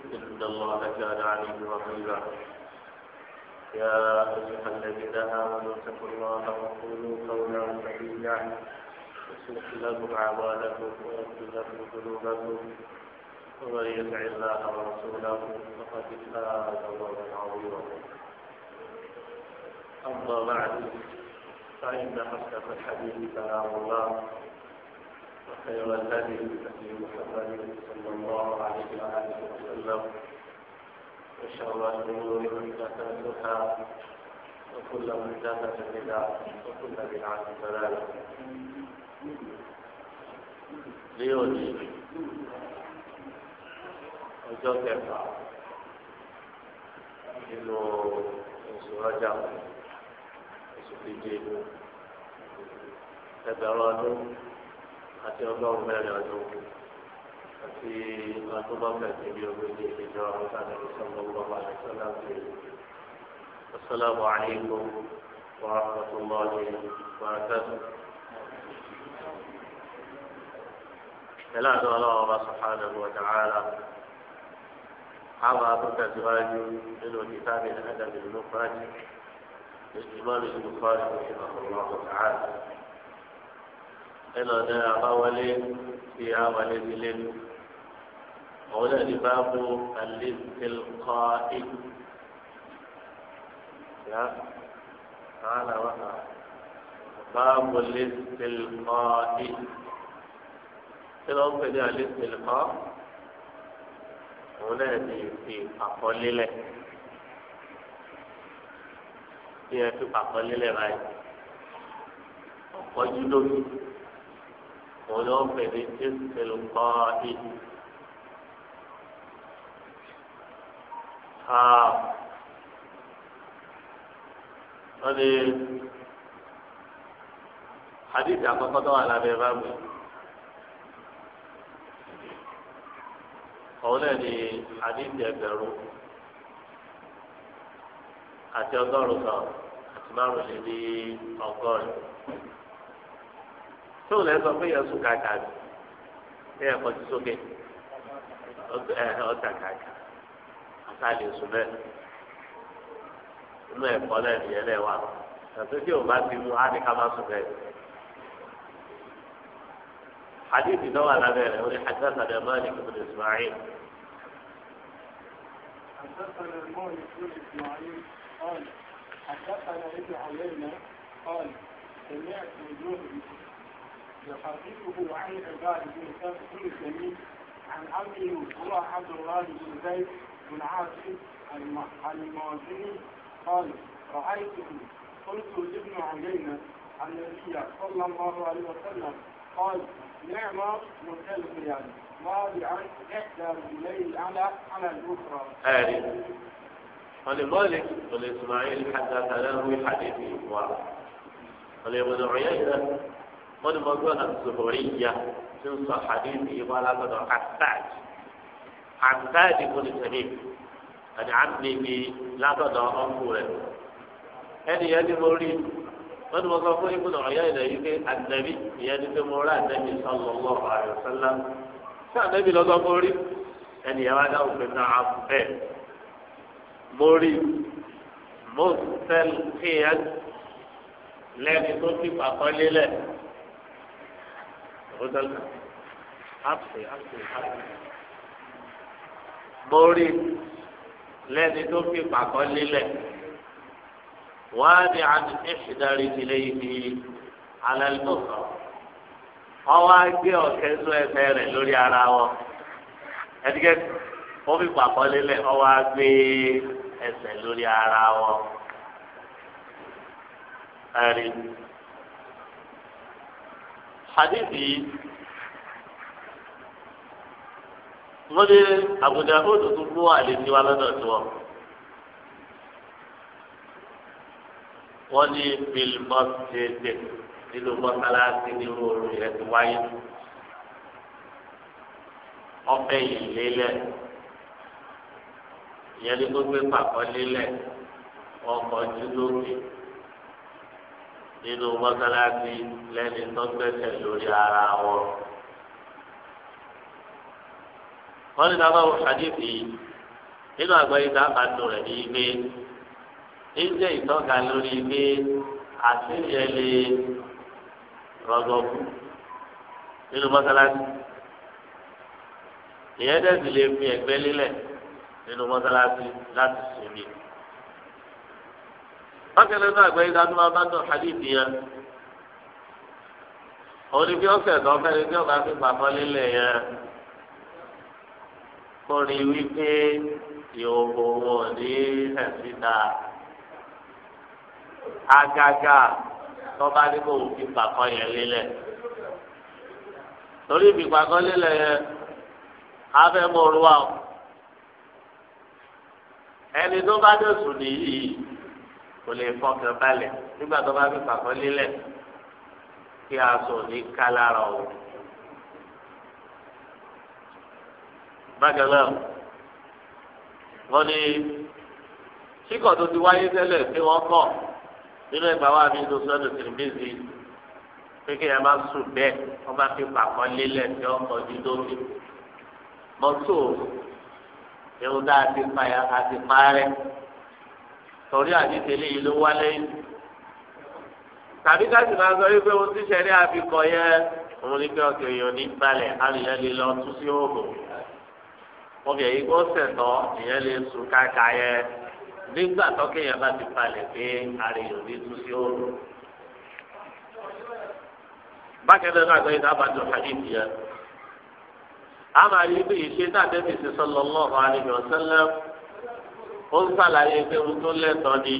إن الله كان عليه رقيبا يا أيها الذين آمنوا اتقوا الله وقولوا قولا سديدا يصلح لكم أعمالكم ويغفر لكم ذنوبكم ومن يطع الله ورسوله فقد فاز فوزا عظيما أما بعد فإن أصدق الحديث كلام الله وخير الهدي هدي محمد صلى الله عليه وآله وسلم وشر الأمور محدثاتها وكل محدثة بدعة وكل بدعة ضلالة ليوني ọjọ́ kẹfà nínú oṣù rọjà oṣù keje ẹgbẹ̀rún ọdún àti ọlọ́run mẹ́rin ọdún àti àtúbọ̀tà ìdíbi ogójì ìjọ àwọn sáré sọ́nà ọlọ́wọ́ àdìsọ́nà bíi asalaamu alaykum wa rahmatulahi wa barakatu. Ẹlẹ́ àti ọlọ́wọ́ bá sọ̀hánà wa ta'ala. Àwọn àbúkà ti wáyé nínú kìtàbí Adàmì Mufrad, Ìsìmáàmì Mufrad, Ìsìmáàmì Mufrad. ẹlọ́dẹ àbáwọlé fi àwọlé nílé nu òun náà ní báàbù alẹ́sìlkọ́ ẹ̀ yá sàánà wà á báàbù alẹ́sìlkọ́ ẹ̀ kí ló ń pè ní alẹ́sìlkọ́ òun náà ní fi àkọlé fi ẹ̀ fi àkọlé lẹ̀ báyìí ọ̀pọ̀jú lómi òun ló ń pè ní tíṣìlù kọ́ọ̀dì. wọ́n ní hadith àkọ́kọ́ tó wà lábẹ́ báàbù òun náà ní hadith ẹgbẹ̀rún àti ọgọ́rùn-ún kan àti márùn-ún lé ní ọgọ́rin tó lẹ sọ pé yẹn sùn kàkà bí ẹ kọjú sókè ọta kàkà ọta lè sùn bẹ́ẹ̀ inú ẹ̀kọ́ náà nìyẹn náà wà tàbí tí o bá ti mú á ní ká má sùn bẹ́ẹ̀. حديث نوى على ذلك حدثنا مالك بن اسماعيل حدثنا مالك بن اسماعيل قال حدثنا ابن علينا قال سمعت وجوه يحدثه عن عباده بن كفر الجميل عن عبده هو عبد الله بن زيد بن عاصم المازني قال رأيته قلت لابن عن النبي صلى الله عليه وسلم قال نعم متلقيا يعني. ما بعد احدى رجليه على على الاخرى. قال ولذلك قال إسماعيل حدثناه بحديثه واحد. قال ابن عيينة wọ́n ní mo gbọ́ àtúbọ̀rìyà tí ń sọ hadith yìí wọ́n alágbọ̀dọ̀ hasaj hasaj kò ní sẹ́yìn àti àbíbi lágbọ̀dọ̀ ọ̀nkù rẹ̀ ẹni yẹn ni mo rí wọ́n ní mo sọ fún ibùdó ọ̀yá ilẹ̀ yìí pé àdàbí ìyẹn ni pé mo rà àdàbí sallallahu alaihi wasallam sí àdàbí lọ́sọ̀ mo rí ẹni yẹn wá dáhùn pé náà bẹ́ẹ̀ mo rí mo sẹ́l kéèyàn lẹ́ni tó ti pàkọ́ lélẹ̀ ọ̀dọ́lá àpè àpè àpè. mo rí lẹ́ni tó fi pàkọ́ lílẹ̀ wọ́n á ní àti ìṣìdárí ìdílé yìí ní alálùbọ̀sọ̀. ọwọ́ á gbé ọ̀kẹ́ sọ ẹsẹ̀ rẹ̀ lórí ara wọn. ẹ̀dígẹ́ ó fi pàkọ́ lílẹ̀ ọwọ́ á gbé ẹsẹ̀ lórí ara wọn. ẹ̀rí hadithi yìí wọ́n lé Abu Dawud tuntun kó àlejò wa lọ́dọ̀ tó wọn. wọ́n ní bilimọ́tẹ́tẹ́ nínú mọ́sálásí ní oru rẹ̀ ti wáyé. ọbẹ̀ yìí lélẹ̀ ìyẹn ní gbogbo ìpàkọ́ lélẹ̀ ọkọ̀ ojú lókè nínú mọ́sálásí lẹ́ni tó gbẹ́sẹ̀ lórí ara wọn. wọ́n ní sábà wọ hadithi nínú àgbáyé sábà tó rẹ̀ ní ilé ní jẹ́ ìtọ́ka lórí ilé àti ìyẹlẹ rọgọbù nínú mọ́sálásí. ìyẹn dẹ́sì lè fi ẹ̀gbẹ́ lílẹ̀ nínú mọ́sálásí láti sinmi bákẹ́lẹ́ náà àgbẹ̀ yìí dáná bá dùn hadith yẹn òun ni bí ọ̀sẹ̀ tó fẹ́ ni bí ọ̀gá fi pàtó lílẹ̀ yẹn kó rí wípé ìhòòhò wọn ní ẹ̀sìn náà agaga tọ́ba ní kò fi pàtó yẹn lílẹ̀ torí ibi pàtó lílẹ̀ yẹn afẹ́ mọ̀ọ́rùwá ẹni tó bá dẹ̀ sùn nìyí kò lè fọkàn balẹ̀ nígbà tó bá fi fàkọ́ lélẹ̀ kí aṣọ ní ká lára o. bákan náà wọ́n ní síkọ̀ tó ti wáyé tẹ́lẹ̀ pé wọ́n kọ̀ nínú ẹgbà wa mi tó sọ́dọ̀ tìrìbìsì pé kí ẹ má sùn bẹ́ẹ̀ wọ́n bá fi fàkọ́ lélẹ̀ tí wọ́n kọ̀ ju lómi. mọ́tò ẹ̀rù dáa ti pa ẹ̀ àti pa rẹ̀ sọ̀rí àdìsẹ́lẹ̀ yìí ló wálé tàbí káṣí máa sọ wípé ohun tí sẹ́rí àfikọ yẹ òun ní pé ọ̀sẹ̀ èèyàn ní balẹ̀ àlùyẹ lè lọ tú sí òògùn wọn fi èyí kó sẹ̀tọ́ ìyẹn lè sùn káàkà yẹ nígbà tó kéèyàn bá ti balẹ̀ pé àlùyẹ ní tú sí òògùn. bákẹ́ lẹ́nu àgbẹ̀ yìí dábàá tó hadith yẹn. a máa rí bí ìṣe náà tẹ́tí sí sallallahu alaihi wasallam ó ń sàlàyé pé ohun tó lẹ́tọ̀ọ́ ni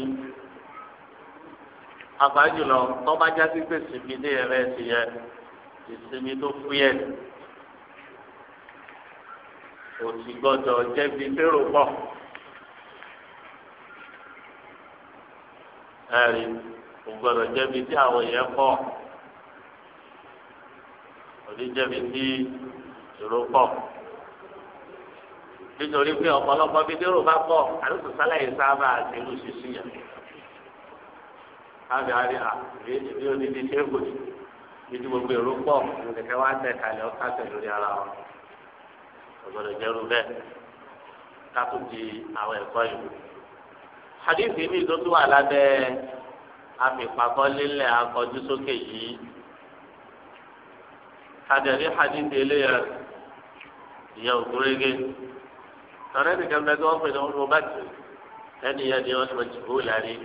àgbájùlọ tó bá já sí pé sinmi ní ẹ̀rẹ́ ti yẹ ìsinmi tó fúyẹ́ òsì gbọ́dọ̀ jẹ́bi lérò pọ̀ ẹ̀rí kò gbọ́dọ̀ jẹ́bi tí àwọn èèyàn pọ̀ òní jẹ́bi tí èrò pọ̀ nítorí pé ọ̀pọ̀lọpọ̀ bíi dérò bá pọ̀ àdúgbò sálàyé sábà nílùú ṣíṣí yẹn. káàbí àrí àbí ìdí onídìí tẹ́gù ni ìdí gbogbo èrò pọ̀ nìkẹ́ wá tẹ̀ kalẹ̀ ọ̀ká tẹ̀ lórí ara wọn. ọ̀gbọ́dọ̀ jẹ́rú bẹ́ẹ̀ kátó di àwọn ẹ̀kọ́ ìlú. hadithi mi tó wà lábẹ́ amìpàkọ́lélẹ̀ akọjú sókè yìí. kàdẹ̀rí hadithi tọ́lẹ́ nìkan bẹ ni ní ọmọ bá ti ẹni yẹn ni wọ́n ti mọ̀jú kó lari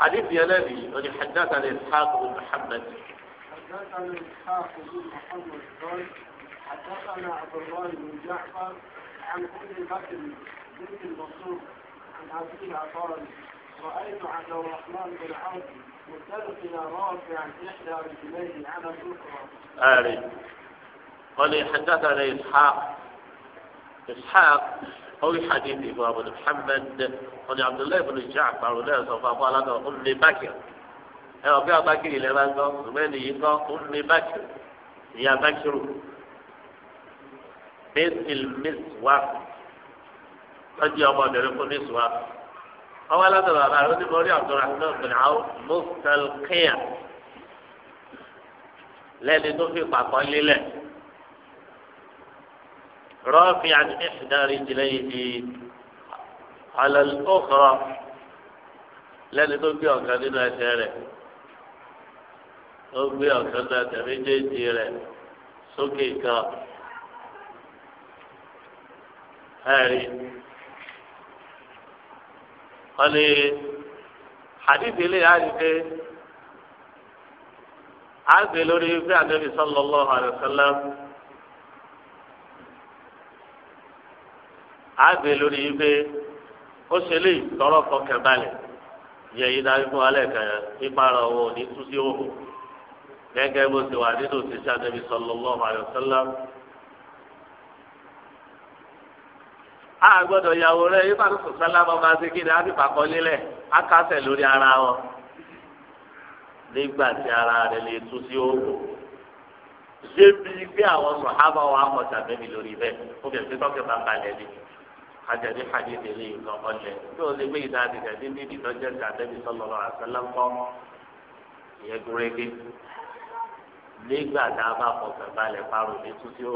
حديث ينبي أن حدثنا إسحاق بن محمد حدثنا إسحاق بن محمد قال حدثنا عبد الله بن جعفر عن أم بكر بنت المنصور عن أبيها قال رأيت عبد الرحمن بن عوف متلقيا رافعا إحدى رجليه على الأخرى. آري قال حدثنا إسحاق إسحاق أو حديث إمام محمد عن عبد الله بن جعفر ولا سوف قال أم بكر ẹ ọbẹ abakiri ilẹ̀ bá gbọ́ ṣùgbọ́n ènìyàn gbọ́ ọmọdé bákìrì ìyá bákìrì bẹ́sìl mẹ́sìwá lọ́jọ́ ọmọbìnrin fún mẹ́sìwá ọwọ́ alátọ̀ bàbá rẹ ní mọ́rí abdulrahman bin awo mustalkiya lẹ́ni tó fi pàpọ̀ lílẹ̀ رافعا إحدى رجليه على الأخرى لأن تبقي أكاد إنها تيري تبقي أكاد إنها تبقي تيري سوكي هاري قالي حديث لي يعني في عزل لوري في النبي صلى الله عليه وسلم àgbè lórí yìí pé ó ṣe lè tọrọ kọkàn balẹ̀ yẹ yìí dájú fún alẹ́ kan píparọ̀ owó ní túsí òhù gẹ́gẹ́ bó ti wà nínú òṣìṣẹ́ àdébí sallallahu alaihi wasallam. a gbọ́dọ̀ yàwó rẹ̀ yìí fàánù sọ̀sálà máa máa ṣe kí ni á ti pàkọ́ nílẹ̀ á kásẹ̀ lórí ara wọn nígbà tí ara rẹ̀ lè tú sí ṣé bíi pé àwọn sọ̀hábà wa kọ̀ sàbẹ̀mí lórí bẹ́ẹ̀ ó bẹ̀rẹ̀ pé tọ́kẹ́ bá balẹ̀ àjẹbí hadith lè nǹkan ọlẹ tí o lè gbé ìdá àtìkàdé níbi ìtọ́jú ẹ̀ka àtẹ́bí sọlọ́lọ́ àṣẹlẹ̀ ńkọ́ ìyẹn gúrégé nígbà tá a bá fọkàn balẹ̀ parọ́ ní tútí o.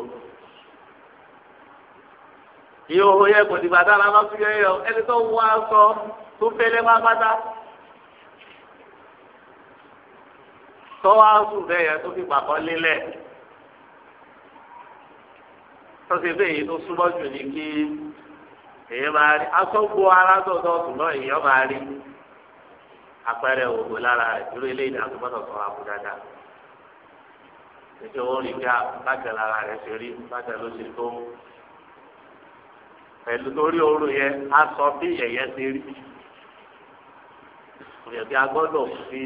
ìhòòhò yẹ kò dìgbà tá a máa fi yẹ ọ ẹni tó wọ aṣọ tó fẹ́lẹ́ má pátá. tọ́wọ́ aṣù bẹ́ẹ̀ yẹn tó fi pàkọ́ lélẹ̀ tọ́sí bẹ́ẹ̀ yìí tó súnmọ́ jù ní kí. èyí máa rí asọ́gbó arásọ̀tọ̀ ọ̀tún náà èyí máa rí apẹ̀rẹ̀ lára rẹ̀ dúró ilé tó sọ àbò dáadáa. Ìjọba orí bí bàtẹ̀ lára rẹ̀ ṣe rí bàtẹ̀ ló ṣe tó. Pẹ̀lú lórí oru yẹn, a sọ bí yẹ̀yẹ́ ṣe rí. Òyìnbí a fi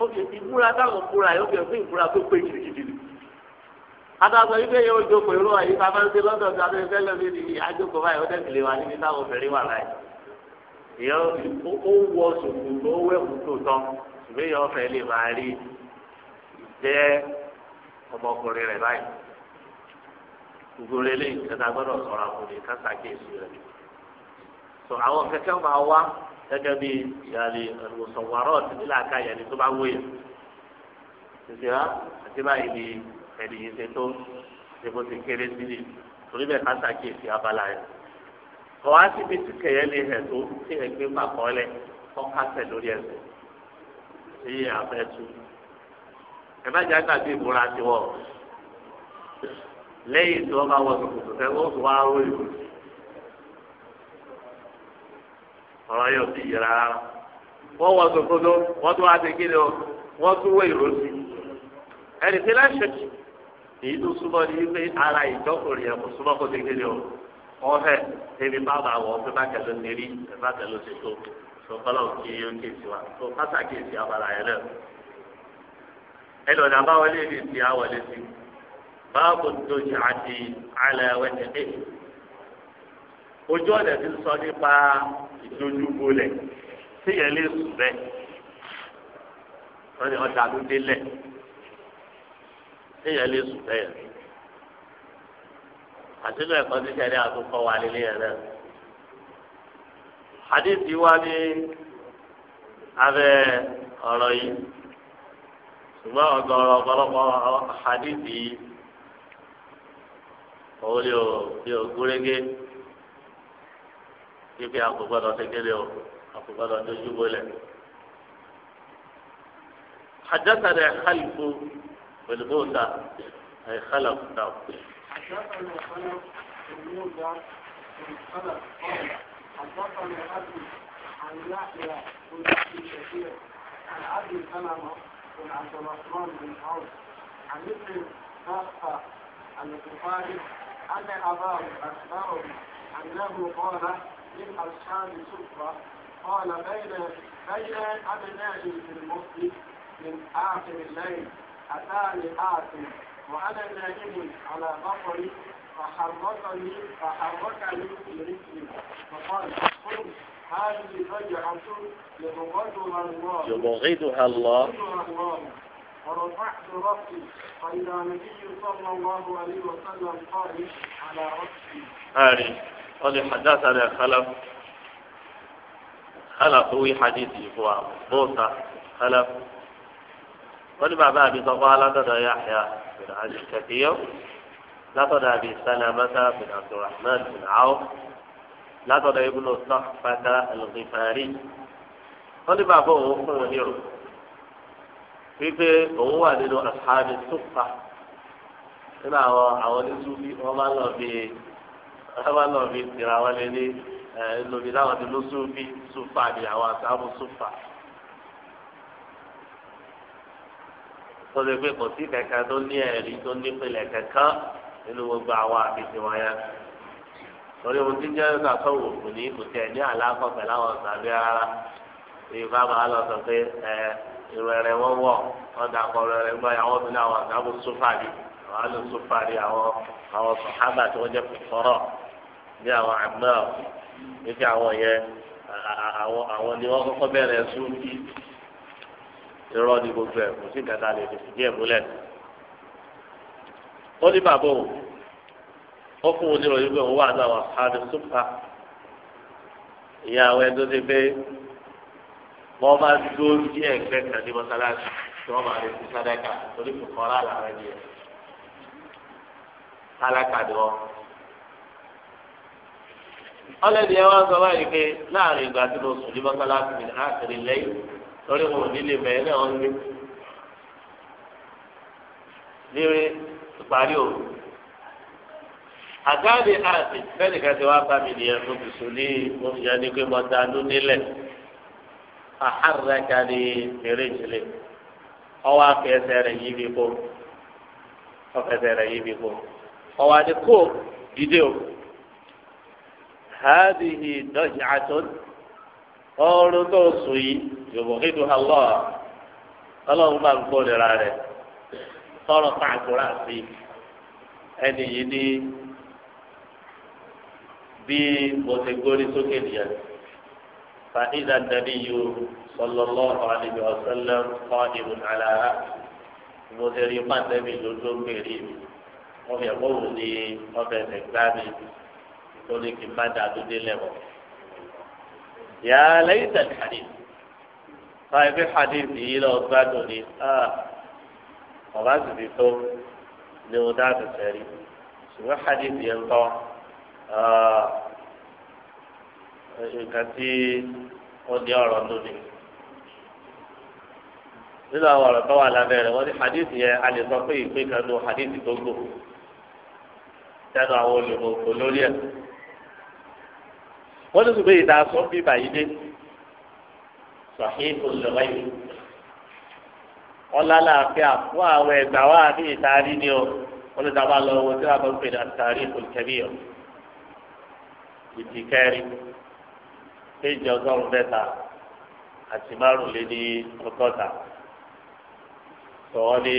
ó fi ìmúra táwọn yóò fi ìmúra tó adájọ́ wípé yóò jókòó irú àyè bàbá ń ṣe lọ́dọ̀ tó adé fẹ́ lọ́dọ̀ ní àjókòó báyìí ó tẹ̀sílẹ̀ wa níbi táwọn obìnrin wà láyé ìyẹn ó wọ sùkùn tó wẹ̀kú tó tán ṣùgbọ́n ìyẹn ọ̀fẹ́ lè máa rí jẹ́ ọmọkùnrin rẹ̀ báyìí gbogbo eléyìí kẹta gbọ́dọ̀ sọ̀rọ̀ àkùnrin ní kásá kéésì rẹ̀ tó àwọn kẹkẹ máa wá gẹ́gẹ́ bí yàrá ìwòsàn wàrọ títí làákà yẹn ní tó bá wúyẹ títí rà àti báyìí ni ẹni yìí ṣe tó ṣèbó ti kéré sí ni torí bẹ́ẹ̀ ká ṣàkíyèsí abala yẹn. kọ́ wá síbi tí kẹ̀yẹ́ lè hẹ̀ tó tí ẹ gbé pàkọ́ lẹ̀ kọ́ kásẹ̀ lórí ẹsẹ̀ ṣé àfẹ́ tu. ẹ má jáde àti ìmúra ti wọ̀ lẹ́yìn tí wọ́n bá wọ sòkòtò fẹ́ wọ́n tún wá ró ìlú. ọ̀rọ̀ yóò ti yẹra rárá wọ́n wọ sòkòtò wọ́n tún wá ti kí ni o wọ́n tún wọ ìró sí. tí láṣẹ kìí èyí tó súnmọ́ ní wípé ara ìjọkùnrin yẹn kò súnmọ́ kó ti kéde o wọ́n fẹ́ ebi bá bá wọ̀ pé bákẹ́ ló ní rí bákẹ́ ló ti tó tó kọ́lọ́ kí ó kéèsì wa tó pásá kéèsì abala yẹn náà ẹlòmíràn abáwọlé ní ti àwọlé sí báàbò tó ṣe àti alẹ́ wẹ́tẹ̀ dé ojú ọ̀dẹ̀ ti sọ nípa ìdójúbolẹ̀ tíyẹn sùn bẹ́ẹ̀ téèyàn lè sùn bẹ́ẹ̀ àti inú ẹ̀kọ́ tí sẹ́ni àtúnkọ́ wà nílé yẹn náà. hadithi wa ní abẹ́ ọ̀rọ̀ yìí ṣùgbọ́n ọ̀gọ̀rọ̀ ọ̀pọ̀lọpọ̀ hadithi yìí òun ni ò ní ògúrégé kíkẹ́ àkùgbọ́dọ̀ kékeré o àkùgbọ́dọ̀ dojúbolẹ̀. حدثنا خلف والموتى أي خلق نعم حدثنا خلف الموتى من خلف قال حدثنا أبي عن يحيى بن أبي كثير عن أبي سلمة بن عبد الرحمن بن عوف عن ابن سقفة البخاري أن أباه أخبره أنه قال من أصحاب سفرة قال بين بين أبنائي في المسجد من آخر الليل أتاني حاتم وأنا نائم على بطني فحركني فحركني في رجلي فقال قل هذه فجعة يبغضها الله يبغضها الله ورفعت رأسي فإذا النبي صلى الله عليه وسلم قال على رأسي. أري قال حدثنا خلف خلف هو حديثي هو موسى خلف wọ́n ní bàbá àbí sọ́kọ́ alátọ̀dọ̀ Yahya bin ali kẹfìyọ́ látọ̀dọ̀ àbí salamata bin abdulrahman bin awf látọ̀dọ̀ ibùdó sọ́kfàtà al-Ghifari wọ́n ní bàbá òun fún un nírò wípé òun wà nínú asáábì sùfà nínú àwọn àwọn oníṣúbí wọ́n máa ń lọ bí wọ́n máa ń lọ bí tìrà wọn lé ní ẹ̀ ń lò láwọn ti lọ sùfì sùfà ni àwọn asáábì sùfà. tó lè pé kò sí kẹ̀kẹ́ tó ní ẹ̀rí tó nípìnlẹ̀ kẹ̀kẹ́ nínú gbogbo àwọn àfihàn wọn yẹn torí ohun tí ń jẹ́ sàtọ́wò kò ní kò tẹ̀ ní àlàkọ̀ pẹ̀lú àwọn sàbí rárá ìfá máa lọ sọ pé ẹ ìrẹ̀rẹ̀ wọ́n wọ̀ wọ́n dàpọ̀ rẹ̀rẹ̀ gbọ́ àwọn obìnrin àwọn àgbàbọ̀ sófàdì àwọn àlọ́ sófàdì àwọn àwọn sàhábà tí wọ́n jẹ́ fọ̀rọ̀ bí àwọn àmọ́ níbi àwọn yẹn àwọn ni wọ́n kọ́kọ́ bẹ̀rẹ̀ sófì irọ́ ni gbogbo ẹ̀ kò sí kẹta lè fi díẹ̀ múlẹ̀. ó ní bàbá òun ó fún un ní ìròyìn pé òun wà ní àwọn àfáàdé súpà ìyá àwọn ẹni tó ti pé wọ́n máa dúró sí ẹ̀gbẹ́ kan ní mọ́sálásí tí wọ́n máa lè fi sádẹ́kà torí kò kọ́ lára rẹ̀ ni ẹ̀ tálákà ni wọ́n ọlẹ́ni ẹ wá sọ báyìí pé láàrin ìgbà tí mo sùn ní mọ́sálásí mi láàkiri lẹ́yìn lórí wọn ò nílé mẹ́rin náà ń lé léèrè ìparí òru àgáàdì àti fẹ́nìkan ti wá bá mi nìyẹn tó ti sùn ní mo fi yẹn ni pé mo da ló nílẹ̀ àhárẹ̀ká ni eré ìjìnlẹ̀ ọwọ́ afẹ́sẹ̀ rẹ̀ yí mi kó ọfẹ́sẹ̀ rẹ̀ yí mi kó ọwọ́ adé dídé o hàbìhì dọ́jà tó ọrùn tó sùn yìí yòówù hídùn àlọ́ ọlọ́run bá ń kó nira rẹ̀ tọrọ pàkúrà sí ẹni yìí ní bí mo ti gbórí sókè nìyẹn fàdídà dàbí yìí sọlọlọ ọ̀rẹ́dẹ̀ ọ̀sẹ̀lẹ̀ kọ́ ìrùn àlàrà mo ti rí pàtẹ́bí lójú gbèrè mi wọ́n fi ẹ̀kọ́ wò ní ọbẹ̀ ẹ̀sẹ̀ mi tó kí n bá dàdú délẹ̀ yà á lẹ́yìn tẹ̀lé hadith báyìí bí hadith yìí lọ gbádùn ni ah, bàbá sì ti tó ní o dáàbò sẹ́rí ṣùgbọ́n hadith yẹn ń tọ́ ah, nǹkan tí ó di ọ̀rọ̀ lónìí nínú àwọn ọ̀rọ̀ tó wà lábẹ́ rẹ̀ wọ́n ní hadith yẹn a wọ́n tún gbé ìdá sọ bí báyìí dé sàhíhù lọ́wọ́ ọlá làáfíà fún àwọn ẹgbà wa ní ìtaari ni o wọ́n lè dábàá lọ wọ́n tí wọ́n bá ń pè ní àtàrí ìkọlùkẹ́bí o ìdí kẹrin péjì ọgọ́rùn mẹ́ta àti márùnléní ọgọ́ta sọ̀rọ̀ ni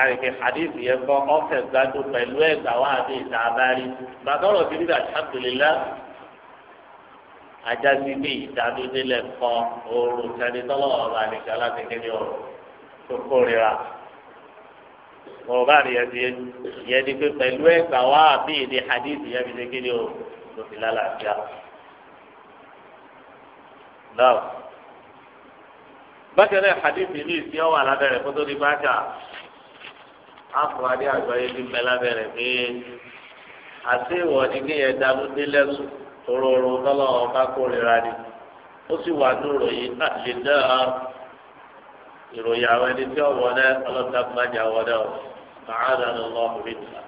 àrìkè hadith yẹn kọ́ ọ̀fẹ́ gbádùn pẹ̀lú ẹgbà wa ní ìtaari bàtọ́rọ̀ ti ní alhamdulillah ajásí bí ìdádúdélẹ̀ kan oorun kẹni tọ́lọ́wọ́ ọba nìkan láti kéde ọ̀rọ̀ tó kórira. Mo bá rí ẹbí yẹn ni pé pẹ̀lú ẹgbà wá àbí ìdí hadith yẹn fi ṣe kéde o kò sí lálàáfíà. Náà bákan náà hadith ní ìsìn ọ̀wà lábẹ́rẹ̀ kó tó di bájà. Àfọwádé àgbáyé ti bẹ lábẹ́rẹ̀ pé àti ìwọ̀n ni kéèyàn dánú délẹ̀ sùn òróró tọ́lọ́wọ́ ká kórìíra ni ó sì wà ní ìròyìn àti náà ìròyìn àwọn ẹni tí ọ̀wọ́ náà ọlọ́dà gbájà wọ́n náà màánà ló lọ́ orí nìyà.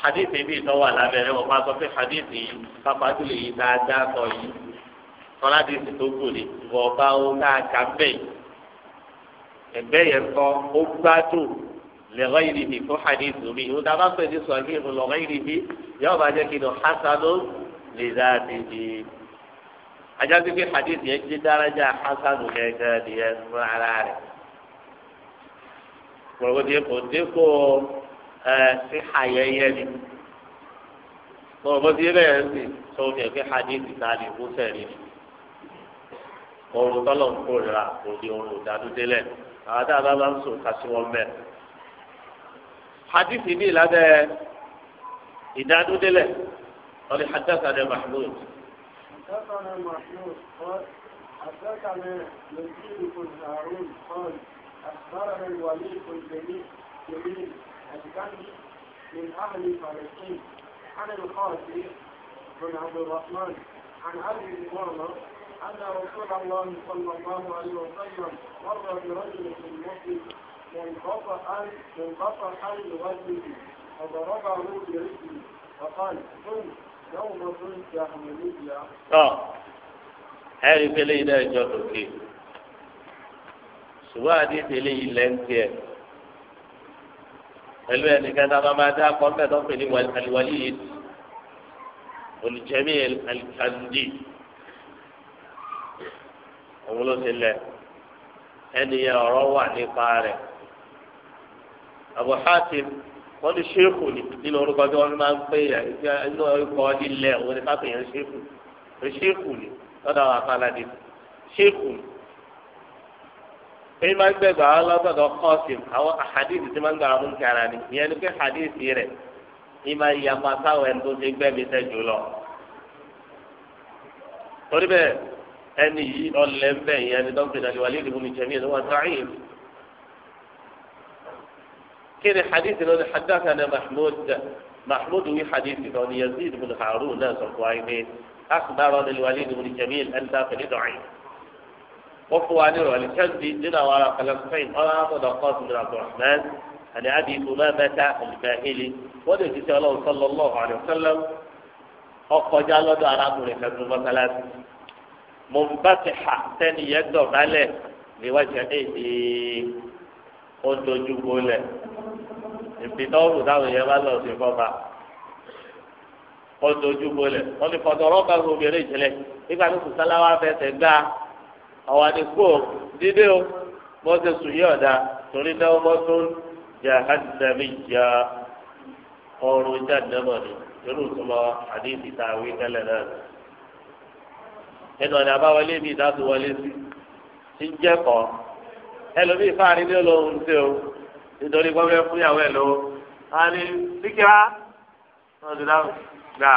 hadith bíi ìtọ́wà lábẹ́rẹ́ wọn máa sọ pé hadith yìí pápákọ̀ lè yí dáadáa sọ yìí tọ́ládì sì tó gbòde ìwọ ọba ó káàkà bẹ́ẹ̀ ẹ̀gbẹ́ yẹn kọ́ ó gbádùn lẹ́rọ ìrìbì fún hadith mi ìhùn tá a bá pè ní sọ̀rọ̀ ìhùn lọ́rọ̀ ìrìbì yóò bá jẹ́ kí ni hasan lè dáadé di ajáde pé hadith yẹn gbé dáradà hasanu gẹ́gẹ́ di ẹ fún ara rẹ̀ pọ̀lọ́pọ̀tì kò dínkù ẹ sí ayẹyẹ ni pọ̀lọ́pọ̀tì bẹ́ẹ̀ sì sọ fún yẹn pé hadith ta lè kú sẹ́rí ni òrùn tọ́lọ̀ ń kórira kò di òrùn ìdádúdé lẹ̀ àwọn tá a bá bá ń sùn قال حدثنا محمود حدثنا محمود قال حدثنا مزيد بن هارون قال أخبرنا الوليد بن جميل الكندي من أهل فلسطين عن القاسم بن عبد الرحمن عن أبي إمامة أن رسول الله صلى الله عليه وسلم مر برجل في المسجد منقطعا منقطعا لوجهه فضربه برجله وقال قم tọ́ ẹ̀rí pélé yìí náà jọ lókè ṣùgbọ́n àdéhùn eléyìí lẹ́ńtì ẹ̀ pẹ̀lú ẹnìkan tá a bá máa dá kọ́ńtà tó ń pè ní àlìwálì yìí olùjẹ́mí àlìkàndì òun ló ti lẹ̀ ẹnìyẹn ọ̀rọ̀ wà nípa rẹ̀ Abu wọ́n ní ṣéèkù ni nínú orúkọ tí wọ́n máa ń pè é inú orúkọ ilẹ̀ òun ni káàpì yẹn ṣéèkù ni ṣéèkù ni lọ́dọ̀ àwọn afáàládé ṣéèkù ni. èyí máa ń gbẹ̀gbà àwọn lọ́sọ̀dọ̀ kọ́ọ̀sìm àwọn àhàdìsì tí máa ń gbàrà fún kàrà ni ìyẹn ni pé àhàdìsì rẹ̀ ní máa ya máa sáwọn ẹni tó ṣe gbẹ̀mí sẹ́jù lọ. torí bẹ́ẹ̀ ẹni yìí ọ̀lẹ́ ń bẹ̀ ni dókítà كان حديث لو حدثنا محمود محمود وي حديث لو يزيد بن هارون ناس عينين أخبرنا الوليد بن جميل أن داخل ضعيف وفوانير والكلبي لنا وراء قلقين ولا صدقات من عبد الرحمن عن أبي أمامة الباهلي ونجد الله صلى الله عليه وسلم ọkọjá lọ́dọ̀ arákùnrin kẹtù mọ́sálásí مثلا ń bá ti hà sẹ́ni yẹn له ìpìtọ́rù táwọn èèyàn bá lọ sí fọ́ba wọ́n dojú bolẹ̀ wọ́n ní fọ́tọ̀rọ́ bá gbogbo eré ìjìnlẹ̀ nígbà tó kù sáláwá fẹsẹ̀ gbá àwọn àdìgbò dídé o bó ṣe sùn yí ọ̀dà torí náà wọ́n tún jahannami ya ọrùn jahannama ni yóò tún lọ àdéhùn tá a wí tẹ́lẹ̀ náà ẹnu ọ̀nà àbáwọlé mi ìdásùn wọlé sí ti jẹ́kọ̀ọ́ ẹlòmíì fáàrin nítorí gbọ́dọ̀ fún ìyàwó ẹ̀ lọ́wọ́ a ní síkírá náà ti dáhùn gbà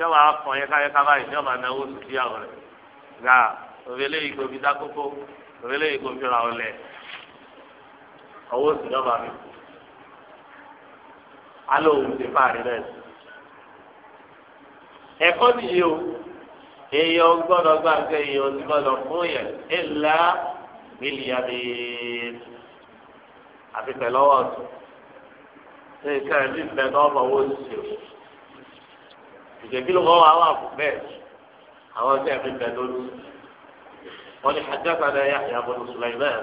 yọ máa fọ̀n yẹn káyẹ kábà yìí yọ máa náwó sí ìyàwó rẹ̀ gbà òfin eléyìí kò fi dá kókó òfin eléyìí kò fi ra ọlẹ̀ ọwọ́ sí yọ máa mi kú alẹ́ òun ti fà rí lẹ́sìn ẹ̀kọ́ nìyí o èèyàn gbọ́dọ̀ gbàgbé èèyàn ti gbọ́dọ̀ fún yẹn ẹ̀ la mílíọ̀nù àfi pẹ̀lú ọwọ́ ọ̀tún ṣé nǹkan ẹ̀mí ìfẹ́ náà mọ̀ owó ṣe o ìṣèkí ló kọ́ wa wà fún bẹ́ẹ̀ àwọn ọjọ́ ẹ̀mí ìfẹ́ ló lù wọ́n ní àjọpọ̀ náà yà yà bọ̀ lọ́sùn lẹ́yìn náà.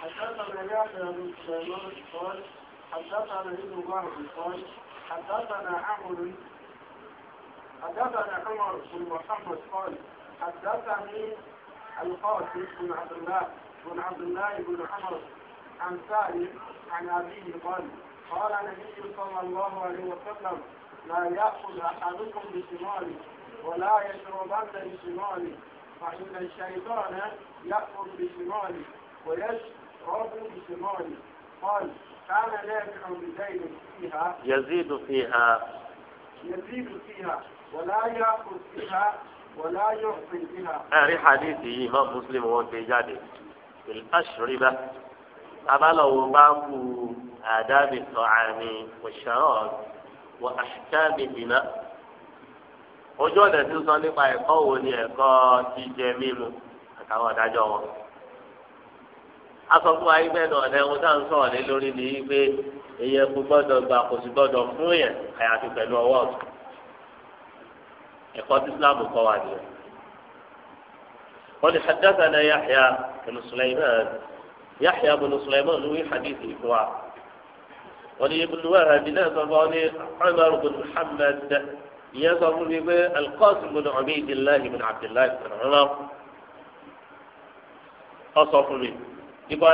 حدثنا يحيى بن سليمان قال حدثنا ابن وهب قال حدثنا عمرو حدثنا عمر بن محمد قال حدثني القاسم بن عبد الله بن عبد الله بن عمر عن سعد عن أبيه قال قال النبي صلى الله عليه وسلم لا يأخذ أحدكم بشماله ولا يشربن بشماله فإن الشيطان يأخذ بشماله ويشرب بشماله قال كان نافع بزيد فيها يزيد فيها يزيد فيها ولا يأخذ فيها ولا يعطي بها. هذه حديثه إمام مسلم وأنت في الأشربة abálọ̀wò báàbù àdábì sọ àmì òṣèrọ̀ wọ àṣìkáàbì dìnnà ojú ọ̀dẹ̀ tó sọ nípa ẹ̀kọ́ wo ni ẹ̀kọ́ jíjẹ mímu àtàwọn ọ̀dájọ́ wọn asọ fún wa yìí bẹ́ẹ̀ náà ọ̀dẹ̀ ohun tá à ń sọ̀rọ̀ lé lórí ni yìí pé èyí ẹ̀kú gbọ́dọ̀ gbà kò sì gbọ́dọ̀ fún yẹn àyàfi pẹ̀lú ọwọ́ ọ̀tún ẹ̀kọ́ tí Islam kọ́ wa nìyẹn. wọ́n ti ṣàdásà náà Yahya ibn Sulaiman Yahya bin Sulaiman ló wí hadith yìí fún wa wọ́n ní ibùdó wà hàbí náà sọ fún ọ ní Umar bin Muhammad ìyẹn sọ fún mi pé Al-Qasim bin Ubaydillah bin Abdillah bin Umar ọ sọ fún mi ibà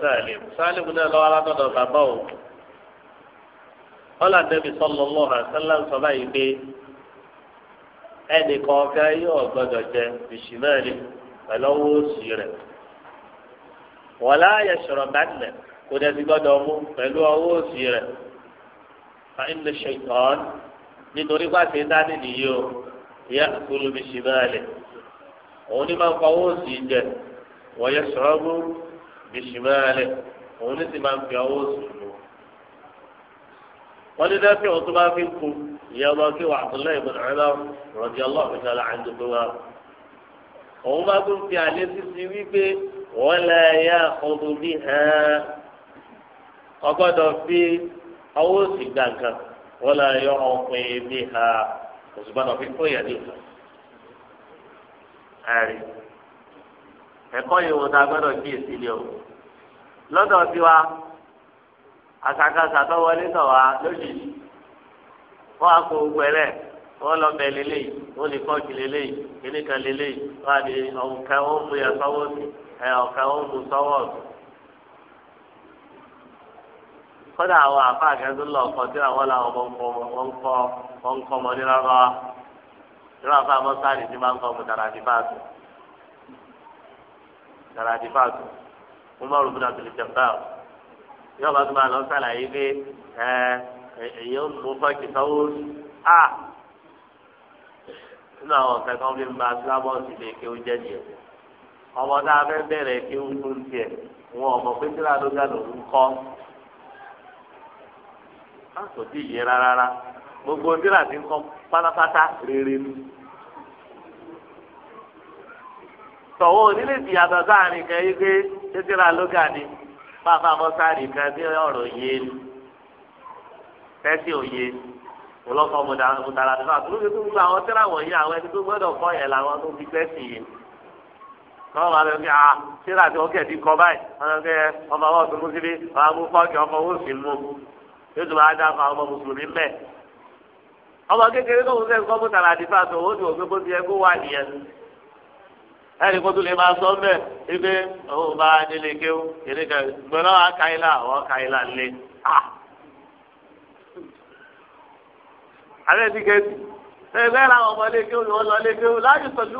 Salim Salim náà lọ́wọ́ alátọ̀dọ̀ bàbá o ọlá Nabi sallallahu alaihi wasallam sọ báyìí pé ẹnì kọ̀ọ̀kan yóò gbọdọ̀ jẹ bìṣìmáàlì pẹ̀lú owó òsì rẹ̀ wọlá ayẹsọ̀rọ̀ bàtìlẹ̀ kò dẹ̀ ti gbọ́dọ̀ mú pẹ̀lú ọwọ́ òsì rẹ̀ fa inú ṣèkọ́n nítorí pàṣẹ dání nìyí o yẹ kúlù mi ṣì máa lẹ̀ òun ní máa ń fọwọ́ òsì jẹ wọ́n yẹ sọ̀rọ̀ mú mi ṣì máa lẹ̀ òun ní sì máa fi ọwọ́ òsì mú. wọ́n ní dáfẹ́ òun tó máa fi kú ìyá ọmọ kí wà àtúnlẹ̀ ìbùdó ẹ̀rọ rọ̀dí ọlọ́ọ̀fẹ́ sọ̀rọ̀ àǹdùkú wa. òun máa tún fi àlẹ́ sísí wípé wọ́lẹ̀ yá ọdún bí hàn ọgọ́dọ̀ fi ọwọ́ sì gbà nǹkan ya yọ ọkùnrin bí hàn òṣùgbọ́dọ̀ fi kó yẹ̀ nígbà. ẹ̀rí yìí ni o lọ́dọ̀ tiwa àkàkàsà tó wọlé sọ̀ wa, lójijì kó lọ ẹ ọ̀fẹ́ ó mu sọ́wọ́ ọ̀tún. kódà àwọn àfa àkẹ́sí lọ kọ tí àwọn làwọn ọmọ wọn kọ wọn kọ ọmọ nílọ́rọ́ wa nílọ́rọ́ àfa mọ́sáàdì tí máa ń kọ́ mu tàràdì fáàtù tàràdì fáàtù mo máa rògbòdì àtúntò ìjọba o yóò bá tó máa lọ sàlàyé pé èyí ń mú fọ́ọ̀kì sọ́wọ́ a ah! nínú àwọn ọ̀fẹ́ kan fi ń ba sílábọ̀ọ̀sì lè ké oúnjẹ nìyẹn ọmọ tá fẹ́ bẹ̀rẹ̀ kí ń tún tiẹ̀ wọn ọmọ pé tí láti ọjà ń kọ́ kò tí ì yé rárá gbogbo tí láti ń kọ́ pátápátá rere ni. tọ̀wọ́ onílé ti yàtọ̀ sáàrin kan yí pé títíra lóga ni bàbá mọ́sáàrì kan tí ọ̀rọ̀ yé ni tẹ́sí òye ọlọ́kọ̀ mọ̀tàlá tó fà tó ló fi kú gbogbo àwọn tíra wọ̀nyí àwọn ẹni tó gbọ́dọ̀ kọ́ yẹn làwọn tó fi tẹ́sí yìí wọn máa lọ a síra tí wọn kẹ̀dí kọ báyìí wọn lọ ọmọ wọn tó mú síbi wọn á fọ́ọ̀kì ọmọ wọn sì mú yóò tún máa dá fún ọmọ mùsùlùmí mẹ́. ọmọ kékeré tó ń sẹ́ kọ́ mú tàrà àdìfà tó ó ti wò pé ti yẹ wà nìyẹn. ẹnì kó tún lè máa sọ mẹ́ ibi òun bá nílé kéwú kéré kan gbọ́dọ̀ àkàìlà ọ̀kàìlà lé. Ah! lé kéwú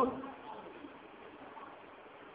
ni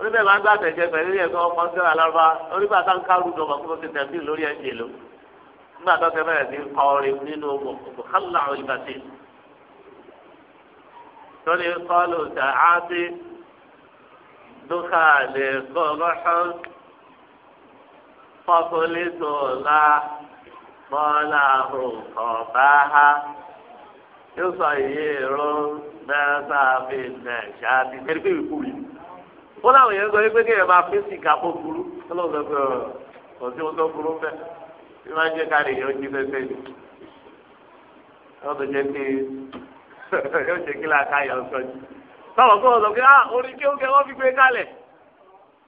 oníbẹ̀ máa ń gbà tẹ̀jẹ̀ pẹ̀lú ẹ̀kọ́ ọmọ ń sẹ́wà lọ́ba onígbà tá ń kárù dọ̀mọ̀ kó ti tẹ̀sí lórí ẹ̀jẹ̀ ló nígbà tó kẹ́ bẹ̀rẹ̀ sí kọ orin nínú bùkálà ìbàdí. tóní kọ́lù tà dúkà lè gbọ́rọ́ṣọ́ fọ́kúlítò la bọ́lá òkọ̀ yóò sọ ìyè ìrún mẹ́ta fi nà ti tẹ́lifíwì kúrì wọn làwọn yẹn ń sọ pé kéèyàn máa fèsì kápó burú ọlọ́run sọ pé kò sí ohun tó burú bẹ́ẹ̀ bí wọ́n á jẹ́ káàdì yẹn ó jí fẹ́fẹ́ ni wọ́n tó jẹ́ pé yóò ṣe kí láàká yọ sọ jù sọ̀rọ̀ kó wọ́n sọ pé ah orí kí ó kẹ́ wọ́n fi gbé kalẹ̀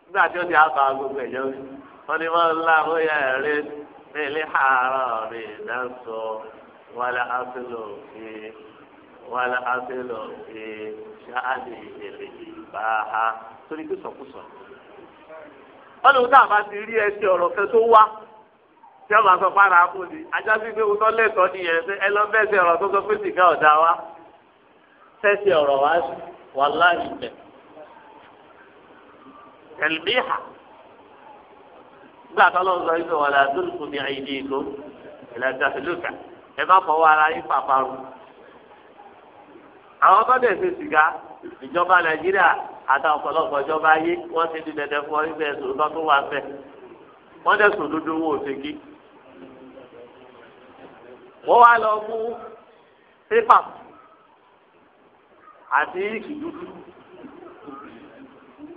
nígbà tí ó ti àbá gbogbo ẹ̀yọ́ rí wọ́n ní wọ́n ńlá bóyá ẹ̀rí nílé àárọ̀ rí dáńsọ wàlẹ̀ àfẹ́lò fi wàlẹ̀ àfẹ́lò fi ṣáàdì ìlẹ̀ ìbáha torí pé sọkúsọ wọn lòun náà bá ti rí ẹsẹ̀ ọ̀rọ̀ kan tó wá tí wọn bá sọ fara fún mi ajá sí pé wọn lẹtọ nìyẹn ṣe ẹ lọ bẹsẹ ọ̀rọ̀ tó sọ pé sìgá ọdá wa tẹsí ọ̀rọ̀ wa wà láàyè bẹ tẹlifíhà gbà tó lọ sọ ìṣòwò wàlẹ àdúrùkù ní àyèdè ìlú ìlàjà ìlúkà ẹ má fọwọ́ ara yín pàparun àwọn bá dẹ̀ ṣe sìgá ìjọba nàìjíríà àtàwọn ọ̀pọ̀lọpọ̀ ìjọba ayé wọ́n ti di dẹ̀dẹ̀ fún ọ nígbà ẹ̀sùn lọ́ tó wà fẹ́ wọ́n dẹ̀sùn dúdú wọn ò ṣe kí. wọ́n wá lọ mú pépà àti ìkì dúdú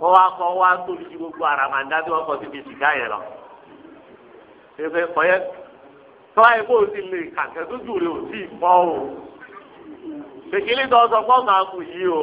wọ́n wá kọ́ wá tóbi ju gbogbo àràmàǹdá tí wọ́n kọ́ síbi sìgá yẹn lọ. pépè kọ́yẹ́ tọ́wá yẹ kó o ti lè kàkẹ́ tó rẹ̀ ò tí ì pọ́ o. pèkìlì tó sọ fọ́ọ̀mù àkùyí o.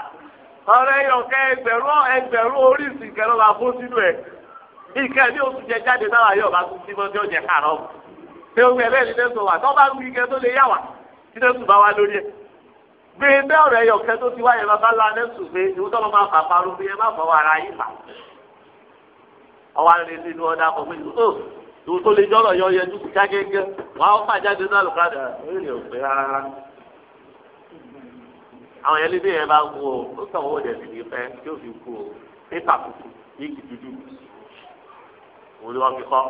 ọ̀rọ̀ ẹyọ kẹ ẹgbẹ̀rún ẹgbẹ̀rún oríṣi kẹrọ la fún sínú ẹ ìkẹ ní oṣù jẹ jáde náà yọ ọba tún sí mọdé ọjẹ kàrọ ṣé o gbẹlẹ ní lẹsọ wa tọba ń gbígbẹ tó lè yá wa tí lẹsùn bá wa lórí ẹ gbé bẹ ọ̀rọ̀ ẹyọ kẹ tó ti wáyé bàbá la lẹsùn pé ìwú tọ́lọ́ máa fà parun bí ẹ má fọwọ́ ara yín fà ọwọ́ àrẹ ti nu ọ̀dà pọ̀ pé ó ìwú tó lè jọ́rọ̀ yọ yẹn dúkìá gẹ́gẹ́ wàá fà jáde náà lùkàdà ó lè ò àwọn yẹn lédè yẹn bá kú o ó sọ owó dẹ̀ sì ní fẹ́ tí ó fi kú o pépà kùkù yíkì dúdú òun ni wọ́n fi kọ́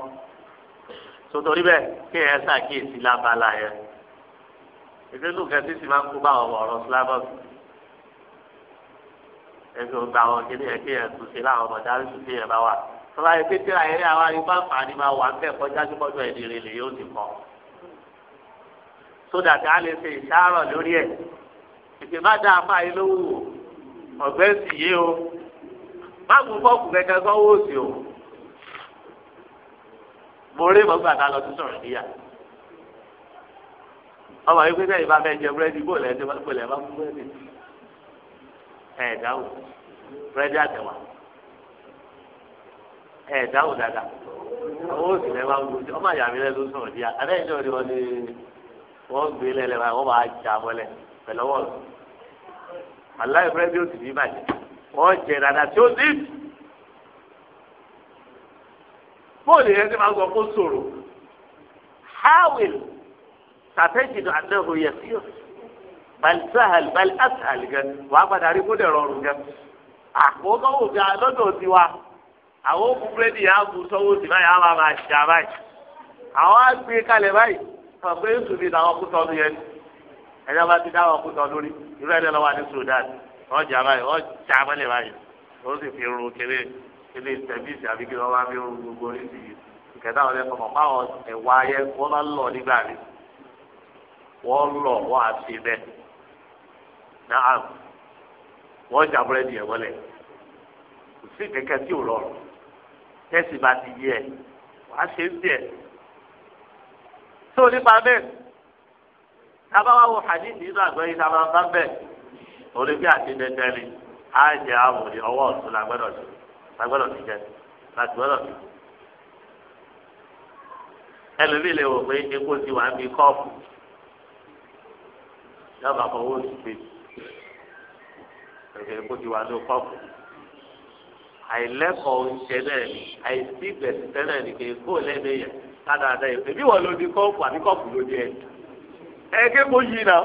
sotori bẹ́ẹ̀ kí ẹ ṣàkíyèsí lábala yẹn ìdílù kẹsì sì máa ń kú bá ọmọ ọ̀rọ̀ slavos ẹgbẹ́ ògbà àwọn kìnìún yẹn kí ẹ tún ṣe láwọn ọmọ dárí tún ṣe yẹn bá wà tọ́lá yẹn pété ayé ní àwọn àyùbá àǹfààní máa wà bẹ́ẹ̀ kọjá sí kọjọ ìdílé lè yóò ti kọ́ sódà tí a lè ṣe ìṣàrọ̀ lórí ẹ̀ ìpè má dá apá yìí lówó ọ̀gbẹ́ sì yé o má mú fọ́ọ̀kù kẹ̀kẹ́ sọ́wọ́ òsì o mo rí mọ́gbà tá a lọ sí sọ̀rọ̀ níyà ọmọ yìí pínpín ìbá bẹ jẹ búrẹ́dì bò lẹ́sẹ̀ bò lẹ́ bá fún búrẹ́dì ẹ̀ dáhùn búrẹ́dì àtẹ̀wà ẹ̀ dáhùn dáadáa owó sì lẹ́ bá ń gbòdì ọmọ àyàmí lẹ́ ló sọ̀rọ̀ díà abẹ́yẹn náà ni wọ́n gbé lẹ́lẹ́ wọ́n máa jà mọ́lẹ̀ pẹ̀lú ọwọ́ wàláyé búrẹ́dì ó sì ní bàjẹ́ wọ́n jẹ dada tí ó dé. bóòlù yẹn ti máa sọ fún sòrò hawil sàtẹ́jìdù anáhùn yẹn sí ọ bali sahal bali asahal gan wàá padà rí kó dẹ̀ rọrùn gan àkókò òfin àlọ́dọ̀ tiwa àwọn òkú búrẹ́dì yà á bu sọ́wọ́ sí báyìí àwọn àmà àṣà báyìí àwọn àgbẹ̀ báyìí ọ̀pẹ̀ yóò tún kú sọ́nu yẹn ni ẹ̀yà bá ti dáwọ̀ kútọ lórí irú ẹ̀dẹ̀ lọ́wọ́ ní Sudan ọjà báyìí ọjà abẹ́lẹ̀ báyìí ó sì fi rú kéré kéré tẹ̀bíìsì àbí kí wọ́n bá fi rú gbogbo orí sí i ìkẹta wọn lẹ́kọ̀ọ́ fáwọn ẹ̀wà ayẹ wọ́n bá lọ nígbà rí wọ́n lọ wọ́n á fi bẹ́ẹ̀ náà wọ́n jà búrẹ́dì ẹ̀ wọlé kò sí kẹ̀kẹ́ tí ò rọrùn tẹ́sì bá ti yẹ wàá ṣe ń bẹ̀ tó nípa bẹ́ẹ̀ tábàwá wo hadith nínú àgbẹ̀ yìí tábà bá bẹ̀ orí bí àti dẹ́dẹ́ ni á jẹ́ àwọn òní ọwọ́ ọ̀tún lágbẹ́dọ̀ sí lágbẹ́dọ̀ sí jẹ́ lágbẹ́dọ̀ sí. ẹlòmíì lè wò pé epo ti wà níbi kọ́ọ̀pù yọba fọwọ́ sí pé ẹ̀kẹ́ epo ti wà ní kọ́ọ̀pù àìlẹ́kọ̀ọ́ oúnjẹ àìsí ìgbẹ̀sì tẹ́lẹ̀ ni kò lẹ́nu yẹn kádàá náà yẹn ebi wọ́n ló di kọ́ọ̀pù àbí kọ́ọ̀pù ló di ẹ̀ ẹ̀ẹ́dẹ́gbẹ́ mo yìí náà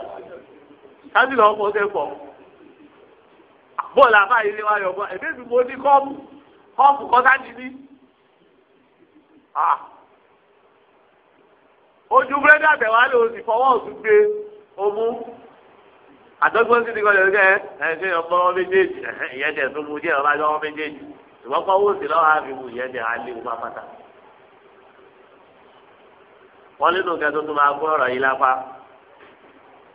lọ́wọ́ mo ṣe bọ́ọ̀lù àbá ilé wa bọ́ ẹ̀mí mi mo ní kọ́ọ̀pù kọ́ọ̀pù kọ́sájì ní. ojú búrẹ́dì àtẹ̀wá ló sì fọwọ́ òtún gbé omú àtọ́gbọ́n sí ni kọ́ lẹ́nu kẹ́ ẹ méjèèjì ìyẹn tẹ̀ tó mu díẹ̀ ọba lọ́wọ́ méjèèjì ṣùgbọ́n kọ́ owó lọ́wọ́ àfi mu ìyẹn tẹ̀ alẹ́ wọn pátá. wọ́n nínú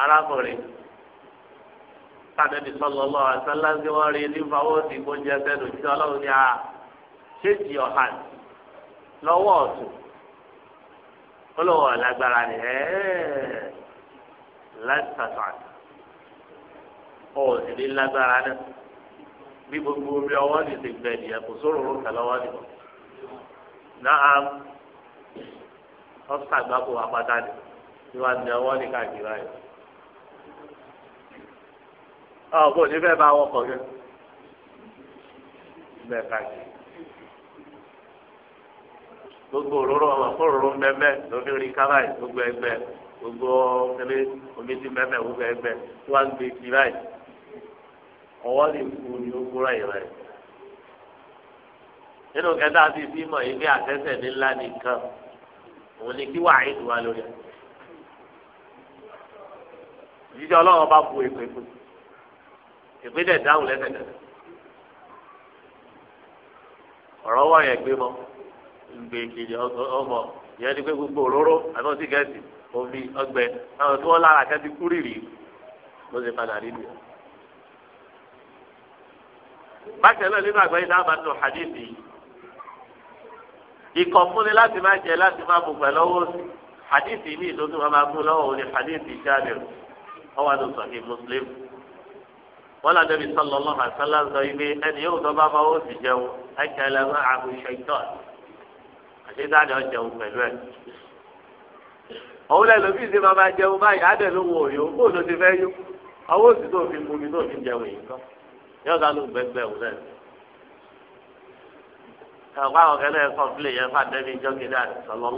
arákùnrin sàdébi sọlọ lọ àṣálá tí wọn rí ní fáwọn tí kò jẹ sẹnu tí Ọlọ́run ní a ṣèjì ọhán lọ́wọ́ ọ̀tún olówó ọlágbára ni ẹ lẹsàtà ọ̀hún sì ní lágbára náà bí gbogbo omi ọwọ́ ní ti gbẹ nìyẹn kò sóròrò kẹlọ́wọ́ nìyẹn náà ọ̀sàgbàpọ̀ apáta ni wọ́n á ọwọ́ ní káàkiri ayọ̀ ọ kò ní fẹ́ bá wọn kọ̀ gẹ́ bẹ́ẹ̀ káàkiri gbogbo òróró ọmọ kó òróró mẹ́mẹ́ lórí orí kábàáyì gbogbo ẹgbẹ́ gbogbo kẹlẹ́ omi ti mẹ́mẹ́ gbogbo ẹgbẹ́ tí wọ́n gbé kí báyìí ọwọ́ lè kú ní gbogbo ráyè rẹ̀ nínú kẹta àti fíìmù yìí bí àtẹ́sẹ̀ nílá nìkan òun ni kí wàá ìdùnnú wa lórí ẹ̀ jíjọ́ ọlọ́run bá bu èpè fún ìpínlẹ̀ dáhùn lẹ́sẹ̀ ọ̀rọ̀ wà yẹn gbé mọ́ gbé kiri ọmọ ìyẹn ni pé gbogbo òróró àti ọtí gẹ̀ẹ́sì omi ọgbẹ àwọn tí wọ́n lára kẹ́tí kú rìrì ló ṣe padà nínú ẹ̀. bákan náà nínú àgbáyé náà máa ń lo hadithi ikọ̀ fúnni láti máa jẹ láti máa bù pẹ̀lú ọwọ́ sí hadithi ní ìdókòwò máa mú lọ́wọ́ òní hadithi jáde ọwọ́ àdó sọ̀hìn muslim wọn là débi sọlọ lọ àṣálà sọ ibi ẹni yóò tó bá máa ó sì jẹun ẹkẹ lẹ fún àhùn ṣẹjọ àṣetáni ọjẹun pẹ̀lú ẹ. òun lẹ́nu bí ìṣe máa máa jẹun báyìí á dẹ̀nu wò yó kó ló ti fẹ́ yó ọwọ́ òsì tó fi mú mi tó fi jẹun yìí tán yóò ká gbẹgbẹ òun lẹ́nu. ẹ̀kọ́ àwọn kẹlẹ́ ẹ̀kọ́ fílẹ̀ yẹn fà débi jọ́kìdá sọlọ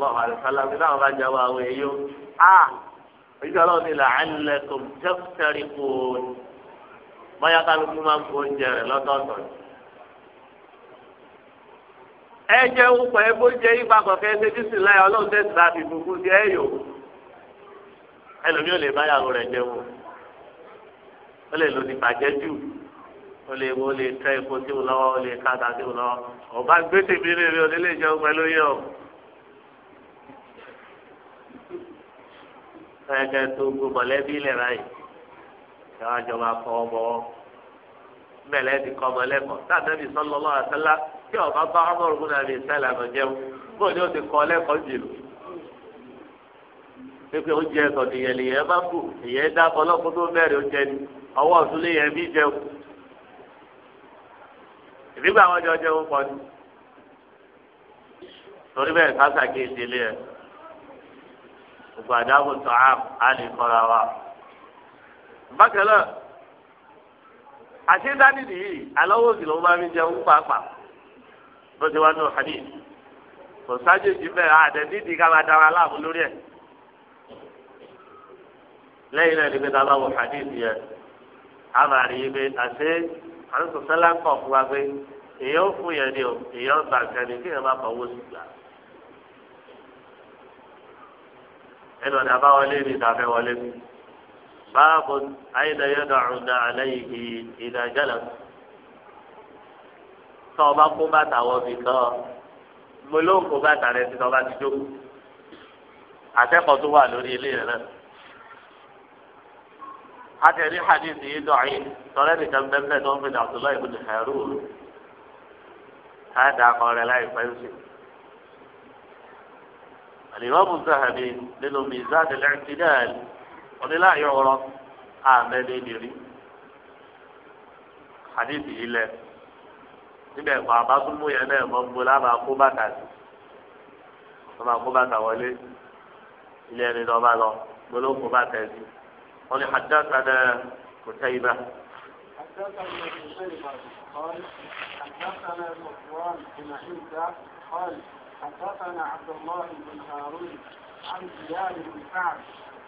lọ bóyá kálukú máa ń kó oúnjẹ rẹ̀ lọ́tọ̀ọ̀tọ̀ ni. ẹ jẹ́ òkú ẹ bó jẹ́ ipa kọ̀ọ̀kẹ́ ṣe bísí láyé ọlọ́run tẹ̀sí láti gbogbo sí ẹ yòó. ẹlòmí ò lè bá yàrá rẹ̀ jẹun ó lè lo ní bàjẹ́ jù ó lè wo lè tẹ epo sí wọn lọ́wọ́ ó lè káta sí wọn lọ́wọ́ ọba gbé tèmi rèé o nílé ìjẹun pẹ̀lú yẹn o. ẹ̀kẹ́ tó gbogbo mọ̀lẹ́bí lẹ̀ ráyìí. káwá jọba fọwọ́ ọmọ mẹ́lẹ́ ti kọ́ ọmọ lẹ́kọ̀ọ́ sáàdẹ́bí sọ́lọ́lọ́ àtẹ́lá tí ọba bá ọmọ ògùn náà lè sẹ́lẹ̀ àná jẹun bó ni ó ti kọ́ lẹ́kọ̀ọ́ pépé nìyẹn bá kù ìyẹn dábọ̀ ọlọ́kùn tó mẹ́rin oúnjẹ ni ọwọ́ ọ̀túnlé yẹn bí jẹun ìdígbà wọn jọ jẹun pọ̀ ni torí bẹ́ẹ̀ wa. bákan náà àti dání nìyí aláwọ̀ òsì ló máa ń jẹun pàápàá bó ti wá ní ọ̀hánì kò sáájú ìdí bẹ́ẹ̀ àdẹ̀dídì ká máa dára láàmú lórí ẹ̀ lẹ́yìn náà níbi táwọn wọ hadith yẹn a máa rí ibi àti àrùn sọ̀tẹ́lá ń kọ̀ fún wa pé èèyàn fún yẹn ni o èèyàn gbà nǹkan ni kéèyàn má fọwọ́ sí gbà. ẹnu ọ̀dà bá wọlé ní ìdáfẹ́ wọlé mi. باب أين يدع عليه إذا جلس tọba kó bàtà wọ bí kan mo ló ń kó bàtà rẹ sí tọba ti jókòó àtẹkọọ tó wà lórí ilé rẹ àtẹrí hadith yìí dọ̀yìn tọrẹ nìkan bẹ́ẹ̀ tó ń fi dàtúlọ̀ ìbùdó ẹ̀rú ká dà kọ rẹ láì pẹ́ sí. àlìmọ́ bùsùn àbí nínú mizan al-i'tidal ọ̀dẹ́lá yọ̀ ọ̀rọ̀ àmẹ́lẹ́ ìdírí hadith yìí lẹ níbẹ̀ kọ́ abátúmú yẹn náà mọ́ gbó lábà kó bàtà sí wọ́n máa kó bàtà wọlé ilé ẹni lọ́ba lọ gbólóhùn kó bàtà sí wọ́n ní haddathana Qutayba. حدثنا ابن شيبة قال حدثنا صفوان حدثنا عبد الله بن هارون عن زياد بن سعد